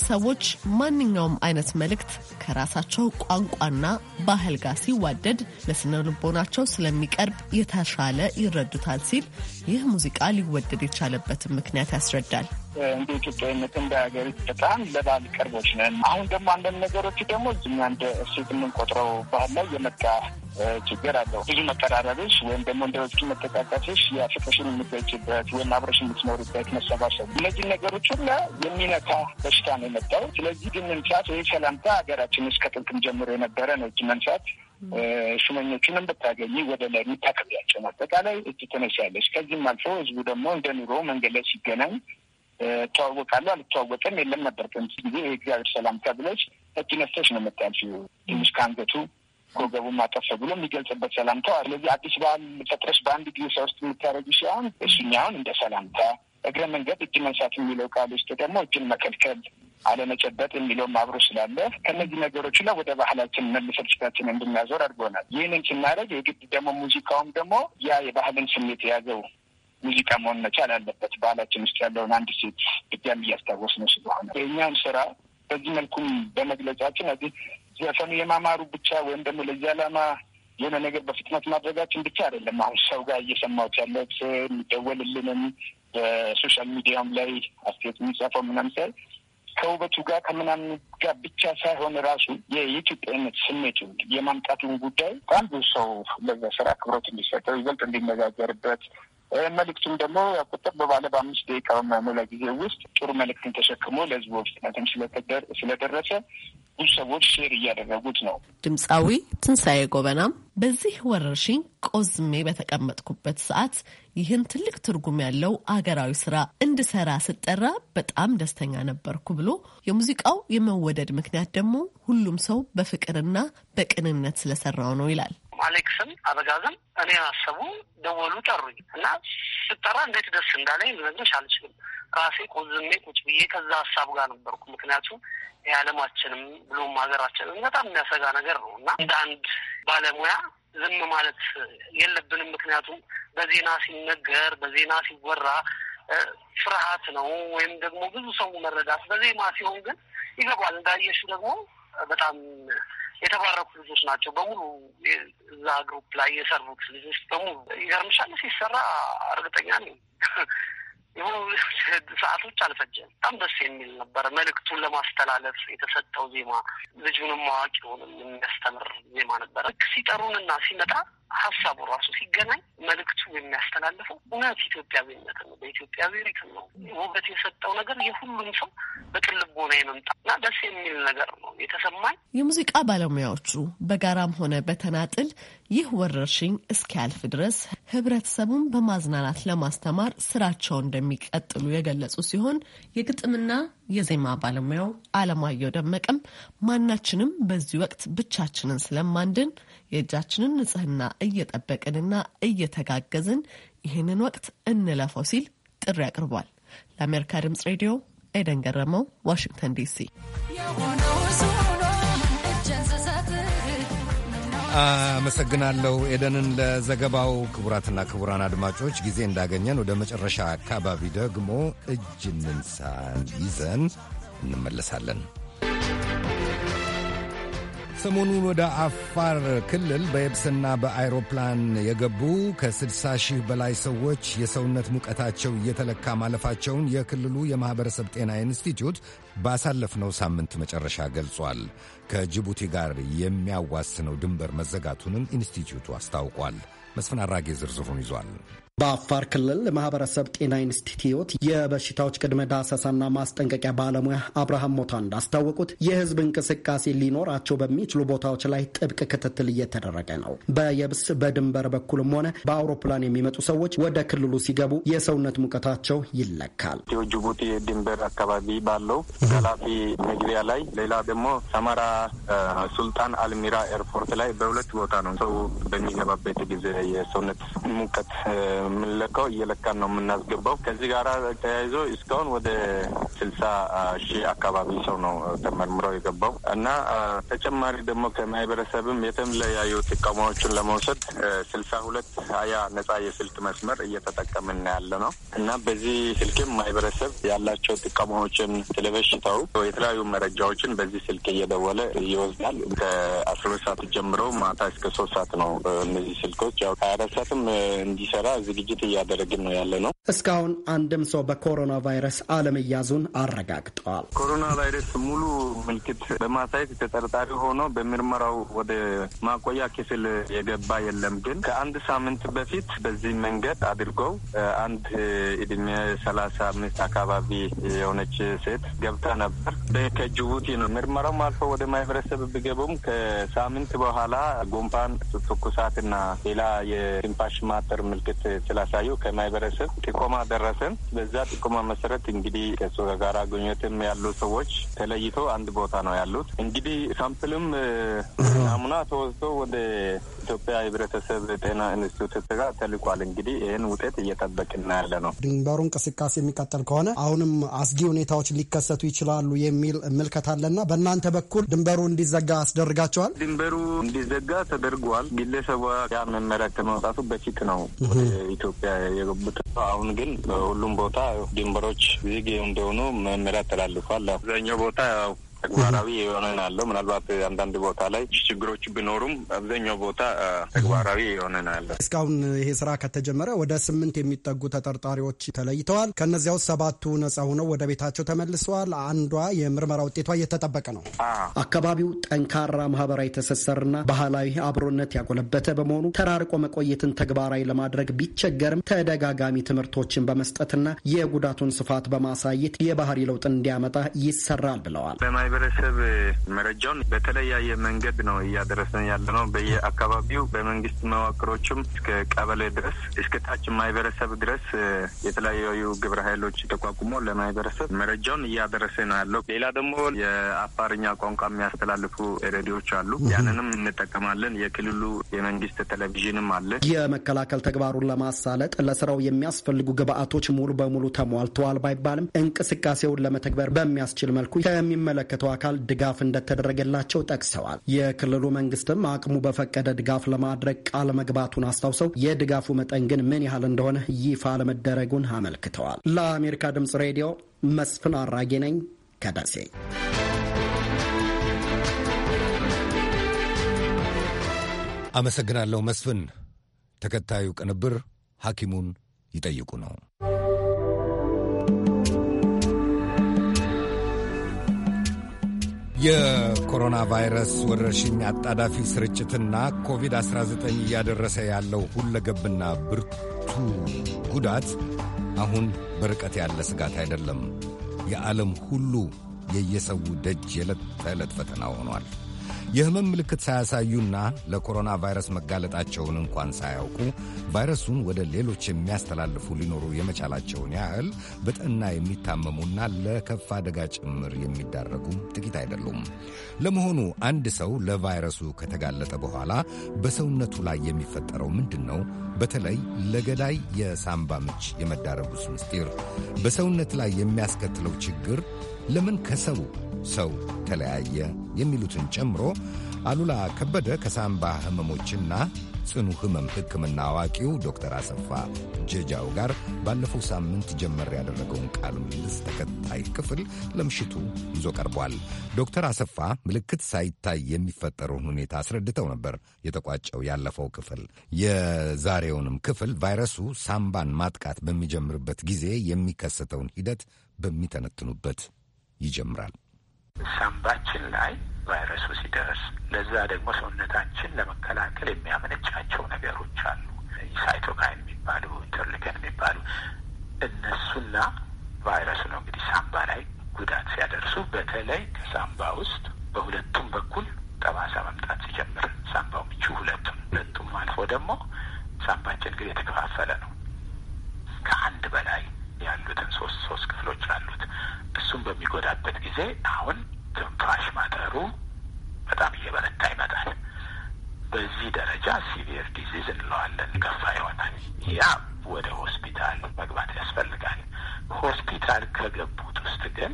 ሰዎች ማንኛውም አይነት መልእክት ከራሳቸው ቋንቋና ባህል ጋር ሲዋደድ ለስነ ልቦናቸው ስለሚቀርብ የተሻለ ይረዱታል ሲል ይህ ሙዚቃ ሊወደድ የቻለበትን ምክንያት ያስረዳል። እንደ ኢትዮጵያዊነት እንደ ሀገር በጣም ለባህል ቅርቦች ነን። አሁን ደግሞ አንዳንድ ነገሮች ደግሞ እኛ እንደ እሴት የምንቆጥረው ባህል ላይ የመጣ ችግር አለው። ብዙ መቀራረቦች ወይም ደግሞ እንደ በፊቱ መጠቃቀሶች የፍቅርሽን የምትገልጭበት ወይም አብረሽ የምትኖርበት መሰባሰብ፣ እነዚህ ነገሮች ሁላ የሚነካ በሽታ ነው የመጣው። ስለዚህ ግን መንሳት ወይ ሰላምታ ሀገራችን እስከ ጥንትም ጀምሮ የነበረ ነው። እጅ መንሳት ሹመኞቹንም ብታገኝ ወደ ላይ የምታከብያቸው አጠቃላይ እጅ ትነሳለች። ከዚህም አልፎ ህዝቡ ደግሞ እንደ ኑሮ መንገድ ላይ ሲገናኝ እተዋወቃለሁ አልተዋወቅም የለም ነበር። ከምስ ጊዜ የእግዚአብሔር ሰላም ተብለች እጅ ነስተሽ ነው የምታልፊው። ትንሽ ከአንገቱ ጎገቡን አጠፈ ብሎ የሚገልጽበት ሰላምታ። ስለዚህ አዲስ ባህል ፈጥረሽ በአንድ ጊዜ ሰው ውስጥ የምታደረጉ ሲሆን እሱኛውን እንደ ሰላምታ እግረ መንገድ እጅ መንሳት የሚለው ቃል ውስጥ ደግሞ እጅን መከልከል አለመጨበጥ የሚለውም አብሮ ስላለ ከእነዚህ ነገሮች ላይ ወደ ባህላችን መልሰን ፊታችን እንድናዞር አድርጎናል። ይህንን ስናደርግ የግድ ደግሞ ሙዚቃውም ደግሞ ያ የባህልን ስሜት የያዘው ሙዚቃ መሆን መቻል አለበት። ባህላችን ውስጥ ያለውን አንድ ሴት ድጋሚ እያስታወስ ነው ስለሆነ የእኛን ስራ በዚህ መልኩም በመግለጫችን አዚ ዘፈኑ የማማሩ ብቻ ወይም ደግሞ ለዚህ ዓላማ የሆነ ነገር በፍጥነት ማድረጋችን ብቻ አይደለም። አሁን ሰው ጋር እየሰማሁት ያለት የሚደወልልንም በሶሻል ሚዲያም ላይ አስተያየት የሚጻፈው ምናምሳል ከውበቱ ጋር ከምናምን ጋር ብቻ ሳይሆን ራሱ የኢትዮጵያነት ስሜቱ የማምጣቱን ጉዳይ አንዱ ሰው ለዛ ስራ ክብረት እንዲሰጠው ይበልጥ እንዲነጋገርበት መልእክቱም ደግሞ ቁጥር በባለ በአምስት ደቂቃ በማይሞላ ጊዜ ውስጥ ጥሩ መልእክትን ተሸክሞ ለህዝቡ በፍጥነትም ስለደረሰ ብዙ ሰዎች ሼር እያደረጉት ነው። ድምፃዊ ትንሣኤ ጎበናም በዚህ ወረርሽኝ ቆዝሜ በተቀመጥኩበት ሰዓት ይህን ትልቅ ትርጉም ያለው አገራዊ ስራ እንድሰራ ስጠራ በጣም ደስተኛ ነበርኩ ብሎ የሙዚቃው የመወደድ ምክንያት ደግሞ ሁሉም ሰው በፍቅርና በቅንነት ስለሰራው ነው ይላል። አሌክስም አበጋዝም እኔ አሰቡ፣ ደወሉ፣ ጠሩኝ እና ስጠራ እንዴት ደስ እንዳለኝ ልነግርሽ አልችልም። ራሴ ቆዝሜ ቁጭ ብዬ ከዛ ሀሳብ ጋር ነበርኩ። ምክንያቱም የዓለማችንም ብሎም ሀገራችንም በጣም የሚያሰጋ ነገር ነው እና እንደ አንድ ባለሙያ ዝም ማለት የለብንም። ምክንያቱም በዜና ሲነገር በዜና ሲወራ ፍርሃት ነው ወይም ደግሞ ብዙ ሰው መረዳት፣ በዜማ ሲሆን ግን ይገባል። እንዳየሹ ደግሞ በጣም የተባረኩ ልጆች ናቸው በሙሉ እዛ ግሩፕ ላይ የሰሩት ልጆች በሙሉ ይገርምሻል። ሲሰራ እርግጠኛ ነኝ [laughs] የሆኑ ሰዓቶች አልፈጀም። በጣም ደስ የሚል ነበረ። መልእክቱን ለማስተላለፍ የተሰጠው ዜማ ልጁንም አዋቂውንም የሚያስተምር ዜማ ነበረ። ሲጠሩንና ሲመጣ ሀሳቡ ራሱ ሲገናኝ መልእክቱ የሚያስተላልፈው እውነት ኢትዮጵያዊነት ነው። በኢትዮጵያዊነት ነው ውበት የሰጠው ነገር የሁሉም ሰው በቅልቦና የመምጣትና ደስ የሚል ነገር ነው የተሰማኝ። የሙዚቃ ባለሙያዎቹ በጋራም ሆነ በተናጥል ይህ ወረርሽኝ እስኪያልፍ ድረስ ህብረተሰቡን በማዝናናት ለማስተማር ስራቸው እንደሚቀጥሉ የገለጹ ሲሆን የግጥምና የዜማ ባለሙያው አለማየሁ ደመቀም ማናችንም በዚህ ወቅት ብቻችንን ስለማንድን የእጃችንን ንጽህና እየጠበቅንና እየተጋገዝን ይህንን ወቅት እንለፈው ሲል ጥሪ አቅርቧል። ለአሜሪካ ድምጽ ሬዲዮ ኤደን ገረመው፣ ዋሽንግተን ዲሲ አመሰግናለሁ ኤደንን ለዘገባው። ክቡራትና ክቡራን አድማጮች ጊዜ እንዳገኘን ወደ መጨረሻ አካባቢ ደግሞ እጅ እንንሳን ይዘን እንመለሳለን። ሰሞኑን ወደ አፋር ክልል በየብስና በአይሮፕላን የገቡ ከ60 ሺህ በላይ ሰዎች የሰውነት ሙቀታቸው እየተለካ ማለፋቸውን የክልሉ የማኅበረሰብ ጤና ኢንስቲትዩት ባሳለፍነው ሳምንት መጨረሻ ገልጿል። ከጅቡቲ ጋር የሚያዋስነው ድንበር መዘጋቱንም ኢንስቲትዩቱ አስታውቋል። መስፍን አራጌ ዝርዝሩን ይዟል። በአፋር ክልል ማህበረሰብ ጤና ኢንስቲትዩት የበሽታዎች ቅድመ ዳሰሳና ማስጠንቀቂያ ባለሙያ አብርሃም ሞታ እንዳስታወቁት የህዝብ እንቅስቃሴ ሊኖራቸው በሚችሉ ቦታዎች ላይ ጥብቅ ክትትል እየተደረገ ነው። በየብስ በድንበር በኩልም ሆነ በአውሮፕላን የሚመጡ ሰዎች ወደ ክልሉ ሲገቡ የሰውነት ሙቀታቸው ይለካል። ጅቡቲ ድንበር አካባቢ ባለው ገላፊ መግቢያ ላይ፣ ሌላ ደግሞ ሰመራ ሱልጣን አልሚራ ኤርፖርት ላይ በሁለት ቦታ ነው ሰው በሚገባበት ጊዜ የሰውነት ሙቀት የምንለካው እየለካን ነው የምናስገባው። ከዚህ ጋር ተያይዞ እስካሁን ወደ ስልሳ ሺህ አካባቢ ሰው ነው ተመርምረው የገባው እና ተጨማሪ ደግሞ ከማህበረሰብም የተለያዩ ጥቆማዎችን ለመውሰድ ስልሳ ሁለት ሀያ ነጻ የስልክ መስመር እየተጠቀምን ያለ ነው እና በዚህ ስልክም ማህበረሰብ ያላቸው ጥቆማዎችን ስለበሽታው የተለያዩ መረጃዎችን በዚህ ስልክ እየደወለ ይወስዳል። ከአስራ ሁለት ሰዓት ጀምሮ ማታ እስከ ሶስት ሰዓት ነው እነዚህ ስልኮች ያው ሀያ አራት ሰዓትም እንዲሰራ እዚ ዝግጅት እያደረግን ነው ያለ ነው። እስካሁን አንድም ሰው በኮሮና ቫይረስ አለመያዙን አረጋግጠዋል። ኮሮና ቫይረስ ሙሉ ምልክት በማሳየት ተጠርጣሪ ሆኖ በምርመራው ወደ ማቆያ ክፍል የገባ የለም። ግን ከአንድ ሳምንት በፊት በዚህ መንገድ አድርገው አንድ እድሜ ሰላሳ አምስት አካባቢ የሆነች ሴት ገብታ ነበር። ከጅቡቲ ነው ምርመራው አልፎ ወደ ማህበረሰብ ቢገቡም ከሳምንት በኋላ ጉንፋን፣ ትኩሳትና ሌላ የትንፋሽ ማጠር ምልክት ስላሳዩ ከማህበረሰብ ጥቆማ ደረሰን። በዛ ጥቆማ መሰረት እንግዲህ ከሱ ጋር ግንኙነትም ያሉ ሰዎች ተለይቶ አንድ ቦታ ነው ያሉት። እንግዲህ ሳምፕልም ናሙና ተወስዶ ወደ ኢትዮጵያ ህብረተሰብ ጤና ኢንስቲትዩት ጋር ተልቋል። እንግዲህ ይህን ውጤት እየጠበቅና ያለ ነው። ድንበሩ እንቅስቃሴ የሚቀጥል ከሆነ አሁንም አስጊ ሁኔታዎች ሊከሰቱ ይችላሉ የሚል ምልከታ አለና በእናንተ በኩል ድንበሩ እንዲዘጋ አስደርጋቸዋል። ድንበሩ እንዲዘጋ ተደርጓል። ግለሰቧ ያ መመሪያ ከመውጣቱ በፊት ነው ወደ ኢትዮጵያ የገቡት አሁን አሁን ግን ሁሉም ቦታ ድንበሮች ዝግ እንደሆኑ መመሪያ ተላልፏል። አብዛኛው ቦታ ተግባራዊ የሆነ ያለው ምናልባት አንዳንድ ቦታ ላይ ችግሮች ቢኖሩም አብዛኛው ቦታ ተግባራዊ የሆነ ያለው። እስካሁን ይሄ ስራ ከተጀመረ ወደ ስምንት የሚጠጉ ተጠርጣሪዎች ተለይተዋል። ከእነዚያ ውስጥ ሰባቱ ነጻ ሆነው ወደ ቤታቸው ተመልሰዋል። አንዷ የምርመራ ውጤቷ እየተጠበቀ ነው። አካባቢው ጠንካራ ማህበራዊ ትስስርና ባህላዊ አብሮነት ያጎለበተ በመሆኑ ተራርቆ መቆየትን ተግባራዊ ለማድረግ ቢቸገርም ተደጋጋሚ ትምህርቶችን በመስጠትና የጉዳቱን ስፋት በማሳየት የባህሪ ለውጥ እንዲያመጣ ይሰራል ብለዋል። ማህበረሰብ መረጃውን በተለያየ መንገድ ነው እያደረሰን ያለ ነው። በየአካባቢው በመንግስት መዋቅሮችም እስከ ቀበሌ ድረስ እስከ ታች ማህበረሰብ ድረስ የተለያዩ ግብረ ኃይሎች ተቋቁሞ ለማህበረሰብ መረጃውን እያደረሰ ነው ያለው። ሌላ ደግሞ የአፋርኛ ቋንቋ የሚያስተላልፉ ሬዲዮች አሉ። ያንንም እንጠቀማለን። የክልሉ የመንግስት ቴሌቪዥንም አለ። የመከላከል ተግባሩን ለማሳለጥ ለስራው የሚያስፈልጉ ግብአቶች ሙሉ በሙሉ ተሟልተዋል ባይባልም እንቅስቃሴውን ለመተግበር በሚያስችል መልኩ ከሚመለከተው አካል ድጋፍ እንደተደረገላቸው ጠቅሰዋል። የክልሉ መንግስትም አቅሙ በፈቀደ ድጋፍ ለማድረግ ቃል መግባቱን አስታውሰው የድጋፉ መጠን ግን ምን ያህል እንደሆነ ይፋ ለመደረጉን አመልክተዋል። ለአሜሪካ ድምጽ ሬዲዮ መስፍን አራጌ ነኝ ከደሴ። አመሰግናለሁ መስፍን። ተከታዩ ቅንብር ሐኪሙን ይጠይቁ ነው። የኮሮና ቫይረስ ወረርሽኝ አጣዳፊ ስርጭትና ኮቪድ-19 እያደረሰ ያለው ሁለገብና ብርቱ ጉዳት አሁን በርቀት ያለ ስጋት አይደለም። የዓለም ሁሉ የየሰው ደጅ የዕለት ተዕለት ፈተና ሆኗል። የህመም ምልክት ሳያሳዩና ለኮሮና ቫይረስ መጋለጣቸውን እንኳን ሳያውቁ ቫይረሱን ወደ ሌሎች የሚያስተላልፉ ሊኖሩ የመቻላቸውን ያህል በጠና የሚታመሙና ለከፍ አደጋ ጭምር የሚዳረጉ ጥቂት አይደሉም። ለመሆኑ አንድ ሰው ለቫይረሱ ከተጋለጠ በኋላ በሰውነቱ ላይ የሚፈጠረው ምንድን ነው? በተለይ ለገዳይ የሳምባ ምች የመዳረጉስ ምስጢር በሰውነት ላይ የሚያስከትለው ችግር ለምን ከሰው ሰው ተለያየ የሚሉትን ጨምሮ አሉላ ከበደ ከሳምባ ህመሞችና ጽኑ ህመም ሕክምና አዋቂው ዶክተር አሰፋ ጀጃው ጋር ባለፈው ሳምንት ጀመር ያደረገውን ቃለ ምልልስ ተከታይ ክፍል ለምሽቱ ይዞ ቀርቧል። ዶክተር አሰፋ ምልክት ሳይታይ የሚፈጠረውን ሁኔታ አስረድተው ነበር የተቋጨው ያለፈው ክፍል። የዛሬውንም ክፍል ቫይረሱ ሳምባን ማጥቃት በሚጀምርበት ጊዜ የሚከሰተውን ሂደት በሚተነትኑበት ይጀምራል። ሳምባችን ላይ ቫይረሱ ሲደርስ ለዛ ደግሞ ሰውነታችን ለመከላከል የሚያመነጫቸው ነገሮች አሉ። ሳይቶካይን የሚባሉ ኢንተርሊከን የሚባሉ እነሱና ቫይረሱ ነው እንግዲህ ሳምባ ላይ ጉዳት ሲያደርሱ በተለይ ከሳምባ ውስጥ በሁለቱም በኩል ጠባሳ መምጣት ሲጀምር ሳምባው ምቹ ሁለቱም ሁለቱም አልፎ ደግሞ ሳምባችን ግን የተከፋፈለ ነው ከአንድ በላይ ያሉትን ሶስት ሶስት ክፍሎች አሉት። እሱም በሚጎዳበት ጊዜ አሁን ትንፋሽ ማጠሩ በጣም እየበረታ ይመጣል። በዚህ ደረጃ ሲቪር ዲዚዝ እንለዋለን። ገፋ ይሆናል። ያ ወደ ሆስፒታል መግባት ያስፈልጋል። ሆስፒታል ከገቡት ውስጥ ግን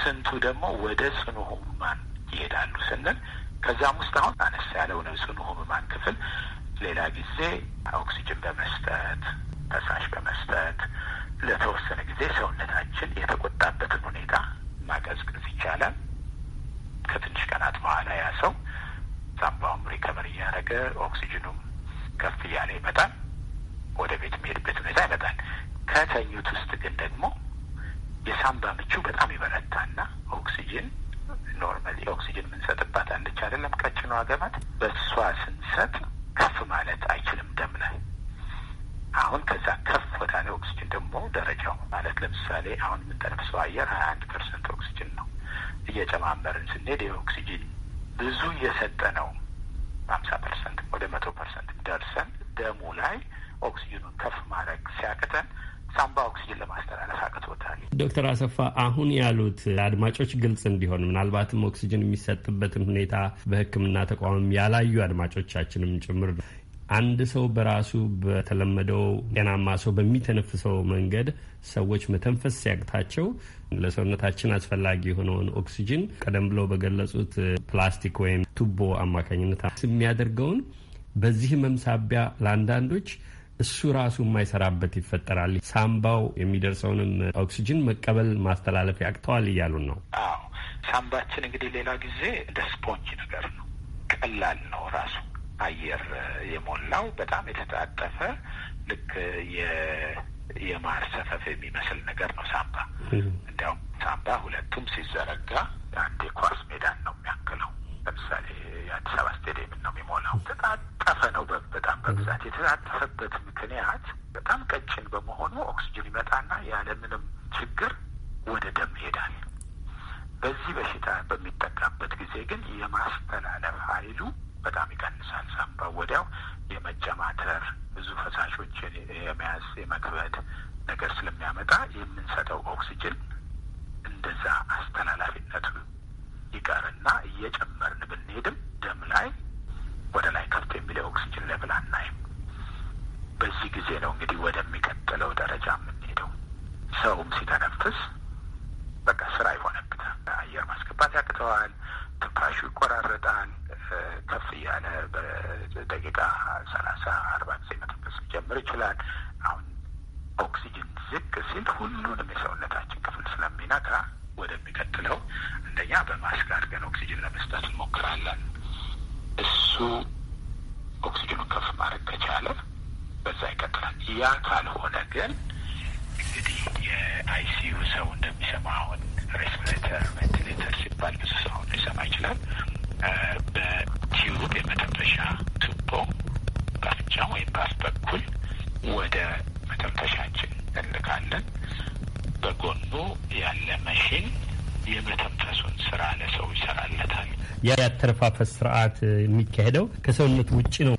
ስንቱ ደግሞ ወደ ጽኑ ህሙማን ይሄዳሉ ስንል ከዛም ውስጥ አሁን አነስ ያለው ነው ጽኑ ህሙማን ክፍል ሌላ ጊዜ ኦክሲጅን በመስጠት ፈሳሽ በመስጠት ለተወሰነ ጊዜ ሰውነታችን የተቆጣበትን ሁኔታ ማቀዝቀዝ ይቻላል። ከትንሽ ቀናት በኋላ ያ ሰው ሳምባውም ሪከቨር እያደረገ ኦክሲጅኑም ከፍ እያለ ይመጣል። ወደ ቤት የሚሄድበት ሁኔታ ይመጣል። ከተኙት ውስጥ ግን ደግሞ የሳምባ ምቹ በጣም ይበረታና ኦክሲጅን ኖርማሊ ኦክሲጅን የምንሰጥባት አንድቻ አይደለም ቀጭኗ ገመት በእሷ ስንሰጥ ከፍ ማለት አይችልም ደም ላይ አሁን ከዛ ከፍ ወዳለ ኦክስጅን ደግሞ ደረጃው ማለት ለምሳሌ አሁን የምንጠነፍሰው አየር ሀያ አንድ ፐርሰንት ኦክስጅን ነው። እየጨማመርን ስንሄድ የኦክስጅን ብዙ እየሰጠ ነው ሀምሳ ፐርሰንት ወደ መቶ ፐርሰንት ደርሰን ደሙ ላይ ኦክሲጅኑን ከፍ ማድረግ ሲያቅተን ሳምባ ኦክሲጅን ለማስተላለፍ ዶክተር አሰፋ አሁን ያሉት አድማጮች ግልጽ እንዲሆን ምናልባትም ኦክሲጅን የሚሰጥበትን ሁኔታ በሕክምና ተቋምም ያላዩ አድማጮቻችንም ጭምር አንድ ሰው በራሱ በተለመደው ጤናማ ሰው በሚተነፍሰው መንገድ ሰዎች መተንፈስ ሲያቅታቸው ለሰውነታችን አስፈላጊ የሆነውን ኦክሲጅን ቀደም ብለው በገለጹት ፕላስቲክ ወይም ቱቦ አማካኝነት የሚያደርገውን በዚህ ህመም ሳቢያ ለአንዳንዶች እሱ ራሱ የማይሰራበት ይፈጠራል። ሳምባው የሚደርሰውንም ኦክሲጅን መቀበል ማስተላለፍ ያቅተዋል እያሉን ነው። አዎ ሳምባችን እንግዲህ ሌላ ጊዜ እንደ ስፖንጅ ነገር ነው። ቀላል ነው ራሱ አየር የሞላው በጣም የተጣጠፈ ልክ የማር ሰፈፍ የሚመስል ነገር ነው ሳምባ። እንዲያውም ሳምባ ሁለቱም ሲዘረጋ አንድ የኳስ ሜዳን ነው የሚያክለው። ለምሳሌ የአዲስ አበባ ስቴዲየም ነው የሚሞላው። የተጣጠፈ ነው በጣም በብዛት የተጣጠፈበት ምክንያት በጣም ቀጭን በመሆኑ ኦክስጅን ይመጣና ያለምንም ችግር ወደ ደም ይሄዳል። በዚህ በሽታ በሚጠቃበት ጊዜ ግን የማስተላለፍ ኃይሉ በጣም ይቀንሳል። ሳምባ ወዲያው የመጨማተር ብዙ ፈሳሾችን የመያዝ የመክበድ ነገር ስለሚያመጣ የምንሰጠው ኦክስጅን እንደዛ አስተላላፊነቱ ይቀርና እየጨመርን ብንሄድም ደም ላይ ወደ ላይ ከብቶ የሚለው ኦክሲጅን ሌቭል አናይም። በዚህ ጊዜ ነው እንግዲህ ወደሚቀጥለው ደረጃ የምንሄደው። ሰውም ሲተነፍስ በቃ ስራ ይሆነብታል። አየር ማስገባት ያቅተዋል። ትንፋሹ ይቆራረጣል። ከፍ እያለ በደቂቃ ሰላሳ አርባ ጊዜ መተንፈስ ሊጀምር ይችላል። አሁን ኦክሲጅን ዝቅ ሲል ሁሉንም የሰውነታችን ክፍል ስለሚነካ ወደሚቀጥለው አንደኛ በማስክ አድርገን ኦክሲጅን ለመስጠት እንሞክራለን። እሱ ኦክሲጅኑ ከፍ ማድረግ ከቻለ በዛ ይቀጥላል። ያ ካልሆነ ግን እንግዲህ የአይሲዩ ሰው እንደሚሰማ አሁን ሬስፕሬተር ቬንትሌተር ሲባል ብዙ ሰው አሁን ሊሰማ ይችላል። በቲዩብ የመተንፈሻ ቱቦ በአፍንጫ ወይም ባፍ በኩል ወደ ስለመሽን የመተንፈሱን ስራ ለሰው ይሰራለታል። ያ ያተነፋፈስ ስርዓት የሚካሄደው ከሰውነት ውጭ ነው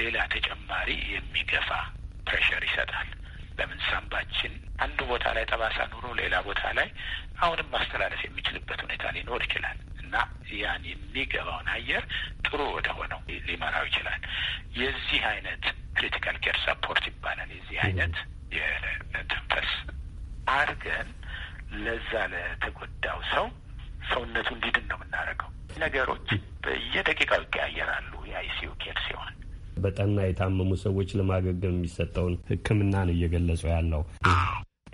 ሌላ ተጨማሪ የሚገፋ ፕሬሸር ይሰጣል። ለምን ሳምባችን አንዱ ቦታ ላይ ጠባሳ ኑሮ ሌላ ቦታ ላይ አሁንም ማስተላለፍ የሚችልበት ሁኔታ ሊኖር ይችላል እና ያን የሚገባውን አየር ጥሩ ወደ ሆነው ሊመራው ይችላል። የዚህ አይነት ክሪቲካል ኬር ሰፖርት ይባላል። የዚህ አይነት የትንፈስ አድርገን ለዛ ለተጎዳው ሰው ሰውነቱ እንዲድን ነው የምናደርገው። ነገሮች በየደቂቃው ይቀያየራሉ። የአይሲዩ ኬር ሲሆን በጠና የታመሙ ሰዎች ለማገገም የሚሰጠውን ሕክምና ነው እየገለጹ ያለው።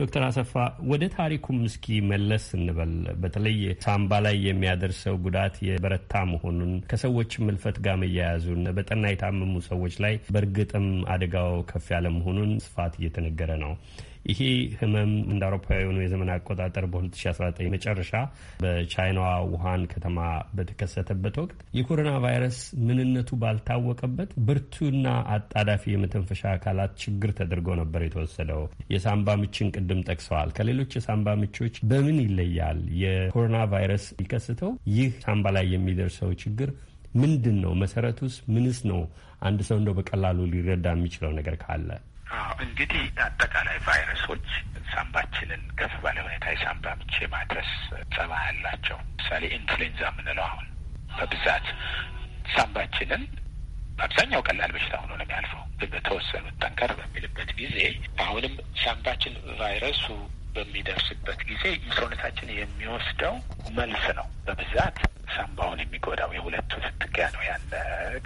ዶክተር አሰፋ ወደ ታሪኩም እስኪ መለስ እንበል። በተለይ ሳምባ ላይ የሚያደርሰው ጉዳት የበረታ መሆኑን ከሰዎች ምልፈት ጋር መያያዙን በጠና የታመሙ ሰዎች ላይ በእርግጥም አደጋው ከፍ ያለ መሆኑን ስፋት እየተነገረ ነው። ይሄ ህመም እንደ አውሮፓውያኑ የዘመን አቆጣጠር በ2019 መጨረሻ በቻይናዋ ውሃን ከተማ በተከሰተበት ወቅት የኮሮና ቫይረስ ምንነቱ ባልታወቀበት ብርቱና አጣዳፊ የመተንፈሻ አካላት ችግር ተደርጎ ነበር የተወሰደው። የሳምባ ምችን ቅድም ጠቅሰዋል። ከሌሎች የሳምባ ምቾች በምን ይለያል? የኮሮና ቫይረስ ሊከስተው ይህ ሳምባ ላይ የሚደርሰው ችግር ምንድን ነው? መሰረቱስ ምንስ ነው? አንድ ሰው እንደው በቀላሉ ሊረዳ የሚችለው ነገር ካለ እንግዲህ አጠቃላይ ቫይረሶች ሳምባችንን ከፍ ባለ ሁኔታ የሳምባ ምች ማድረስ ጸባ ያላቸው ምሳሌ ኢንፍሉዌንዛ የምንለው አሁን በብዛት ሳምባችንን በአብዛኛው ቀላል በሽታ ሆኖ ነው የሚያልፈው። በተወሰኑት ጠንከር በሚልበት ጊዜ አሁንም ሳምባችን ቫይረሱ በሚደርስበት ጊዜ ሰውነታችን የሚወስደው መልስ ነው። በብዛት ሳምባውን የሚጎዳው የሁለቱ ስትኪያ ነው ያለ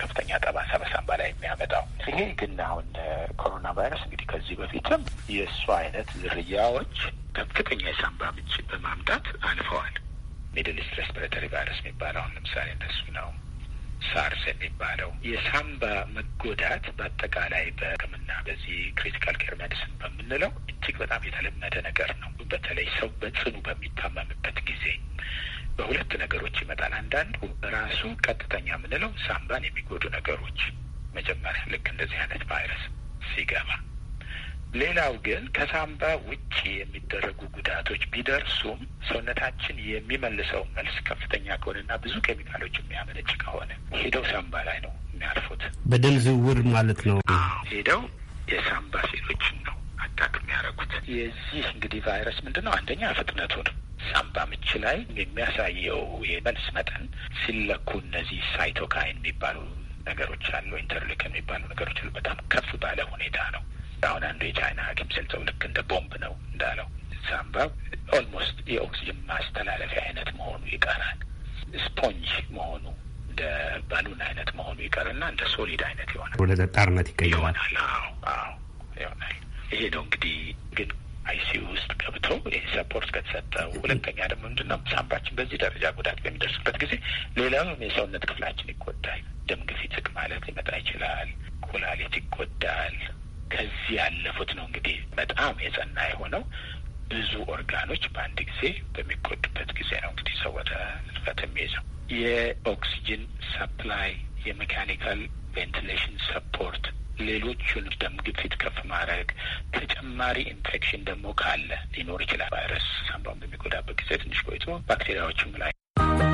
ከፍተኛ ጠባሳ በሳምባ ላይ የሚያመጣው ይሄ ግን አሁን ኮሮና ቫይረስ እንግዲህ ከዚህ በፊትም የእሱ አይነት ዝርያዎች ከፍተኛ የሳምባ ምች በማምጣት አልፈዋል። ሚድል ኢስት ሬስፒሬተሪ ቫይረስ የሚባለውን ለምሳሌ እነሱ ነው ሳርስ የሚባለው የሳምባ መጎዳት በአጠቃላይ በሕክምና በዚህ ክሪቲካል ኬር ሜዲሲን በምንለው እጅግ በጣም የተለመደ ነገር ነው። በተለይ ሰው በጽኑ በሚታመምበት ጊዜ በሁለት ነገሮች ይመጣል። አንዳንዱ ራሱ ቀጥተኛ የምንለው ሳምባን የሚጎዱ ነገሮች መጀመሪያ ልክ እንደዚህ አይነት ቫይረስ ሲገባ ሌላው ግን ከሳምባ ውጭ የሚደረጉ ጉዳቶች ቢደርሱም ሰውነታችን የሚመልሰው መልስ ከፍተኛ ከሆነና ብዙ ኬሚካሎች የሚያመነጭ ከሆነ ሄደው ሳምባ ላይ ነው የሚያርፉት። በደም ዝውውር ማለት ነው። ሄደው የሳምባ ሴሎችን ነው አታክ የሚያደርጉት። የዚህ እንግዲህ ቫይረስ ምንድን ነው? አንደኛ ፍጥነቱ ነው። ሳምባ ምች ላይ የሚያሳየው የመልስ መጠን ሲለኩ እነዚህ ሳይቶካይን የሚባሉ ነገሮች አሉ፣ ኢንተርሊክ የሚባሉ ነገሮች አሉ። በጣም ከፍ ባለ ሁኔታ ነው አሁን አንዱ የቻይና ሐኪም ስልጠው ልክ እንደ ቦምብ ነው እንዳለው ሳምባብ ኦልሞስት የኦክሲጅን ማስተላለፊያ አይነት መሆኑ ይቀራል። ስፖንጅ መሆኑ እንደ ባሉን አይነት መሆኑ ይቀርና እንደ ሶሊድ አይነት ይሆናል። ወደ ጠጣርነት ይቀይሆናል። አዎ፣ አዎ አዎ ይሆናል። ይሄ ነው እንግዲህ ግን አይሲዩ ውስጥ ገብቶ ይህ ሰፖርት ከተሰጠው፣ ሁለተኛ ደግሞ ምንድነው ሳምባችን በዚህ ደረጃ ጉዳት በሚደርስበት ጊዜ ሌላውም የሰውነት ክፍላችን ይጎዳል። ደም ግፊት ዝቅ ማለት ሊመጣ ይችላል። ኩላሊት ይጎዳል። ከዚህ ያለፉት ነው እንግዲህ በጣም የጸና የሆነው ብዙ ኦርጋኖች በአንድ ጊዜ በሚጎዱበት ጊዜ ነው እንግዲህ ሰው ወደ ንጥፈት የሚይዘው። የኦክሲጅን ሰፕላይ፣ የሜካኒካል ቬንቲሌሽን ሰፖርት፣ ሌሎቹን ደም ግፊት ከፍ ማድረግ፣ ተጨማሪ ኢንፌክሽን ደግሞ ካለ ሊኖር ይችላል። ቫይረስ ሳምባውን በሚጎዳበት ጊዜ ትንሽ ቆይቶ ባክቴሪያዎችም ላይ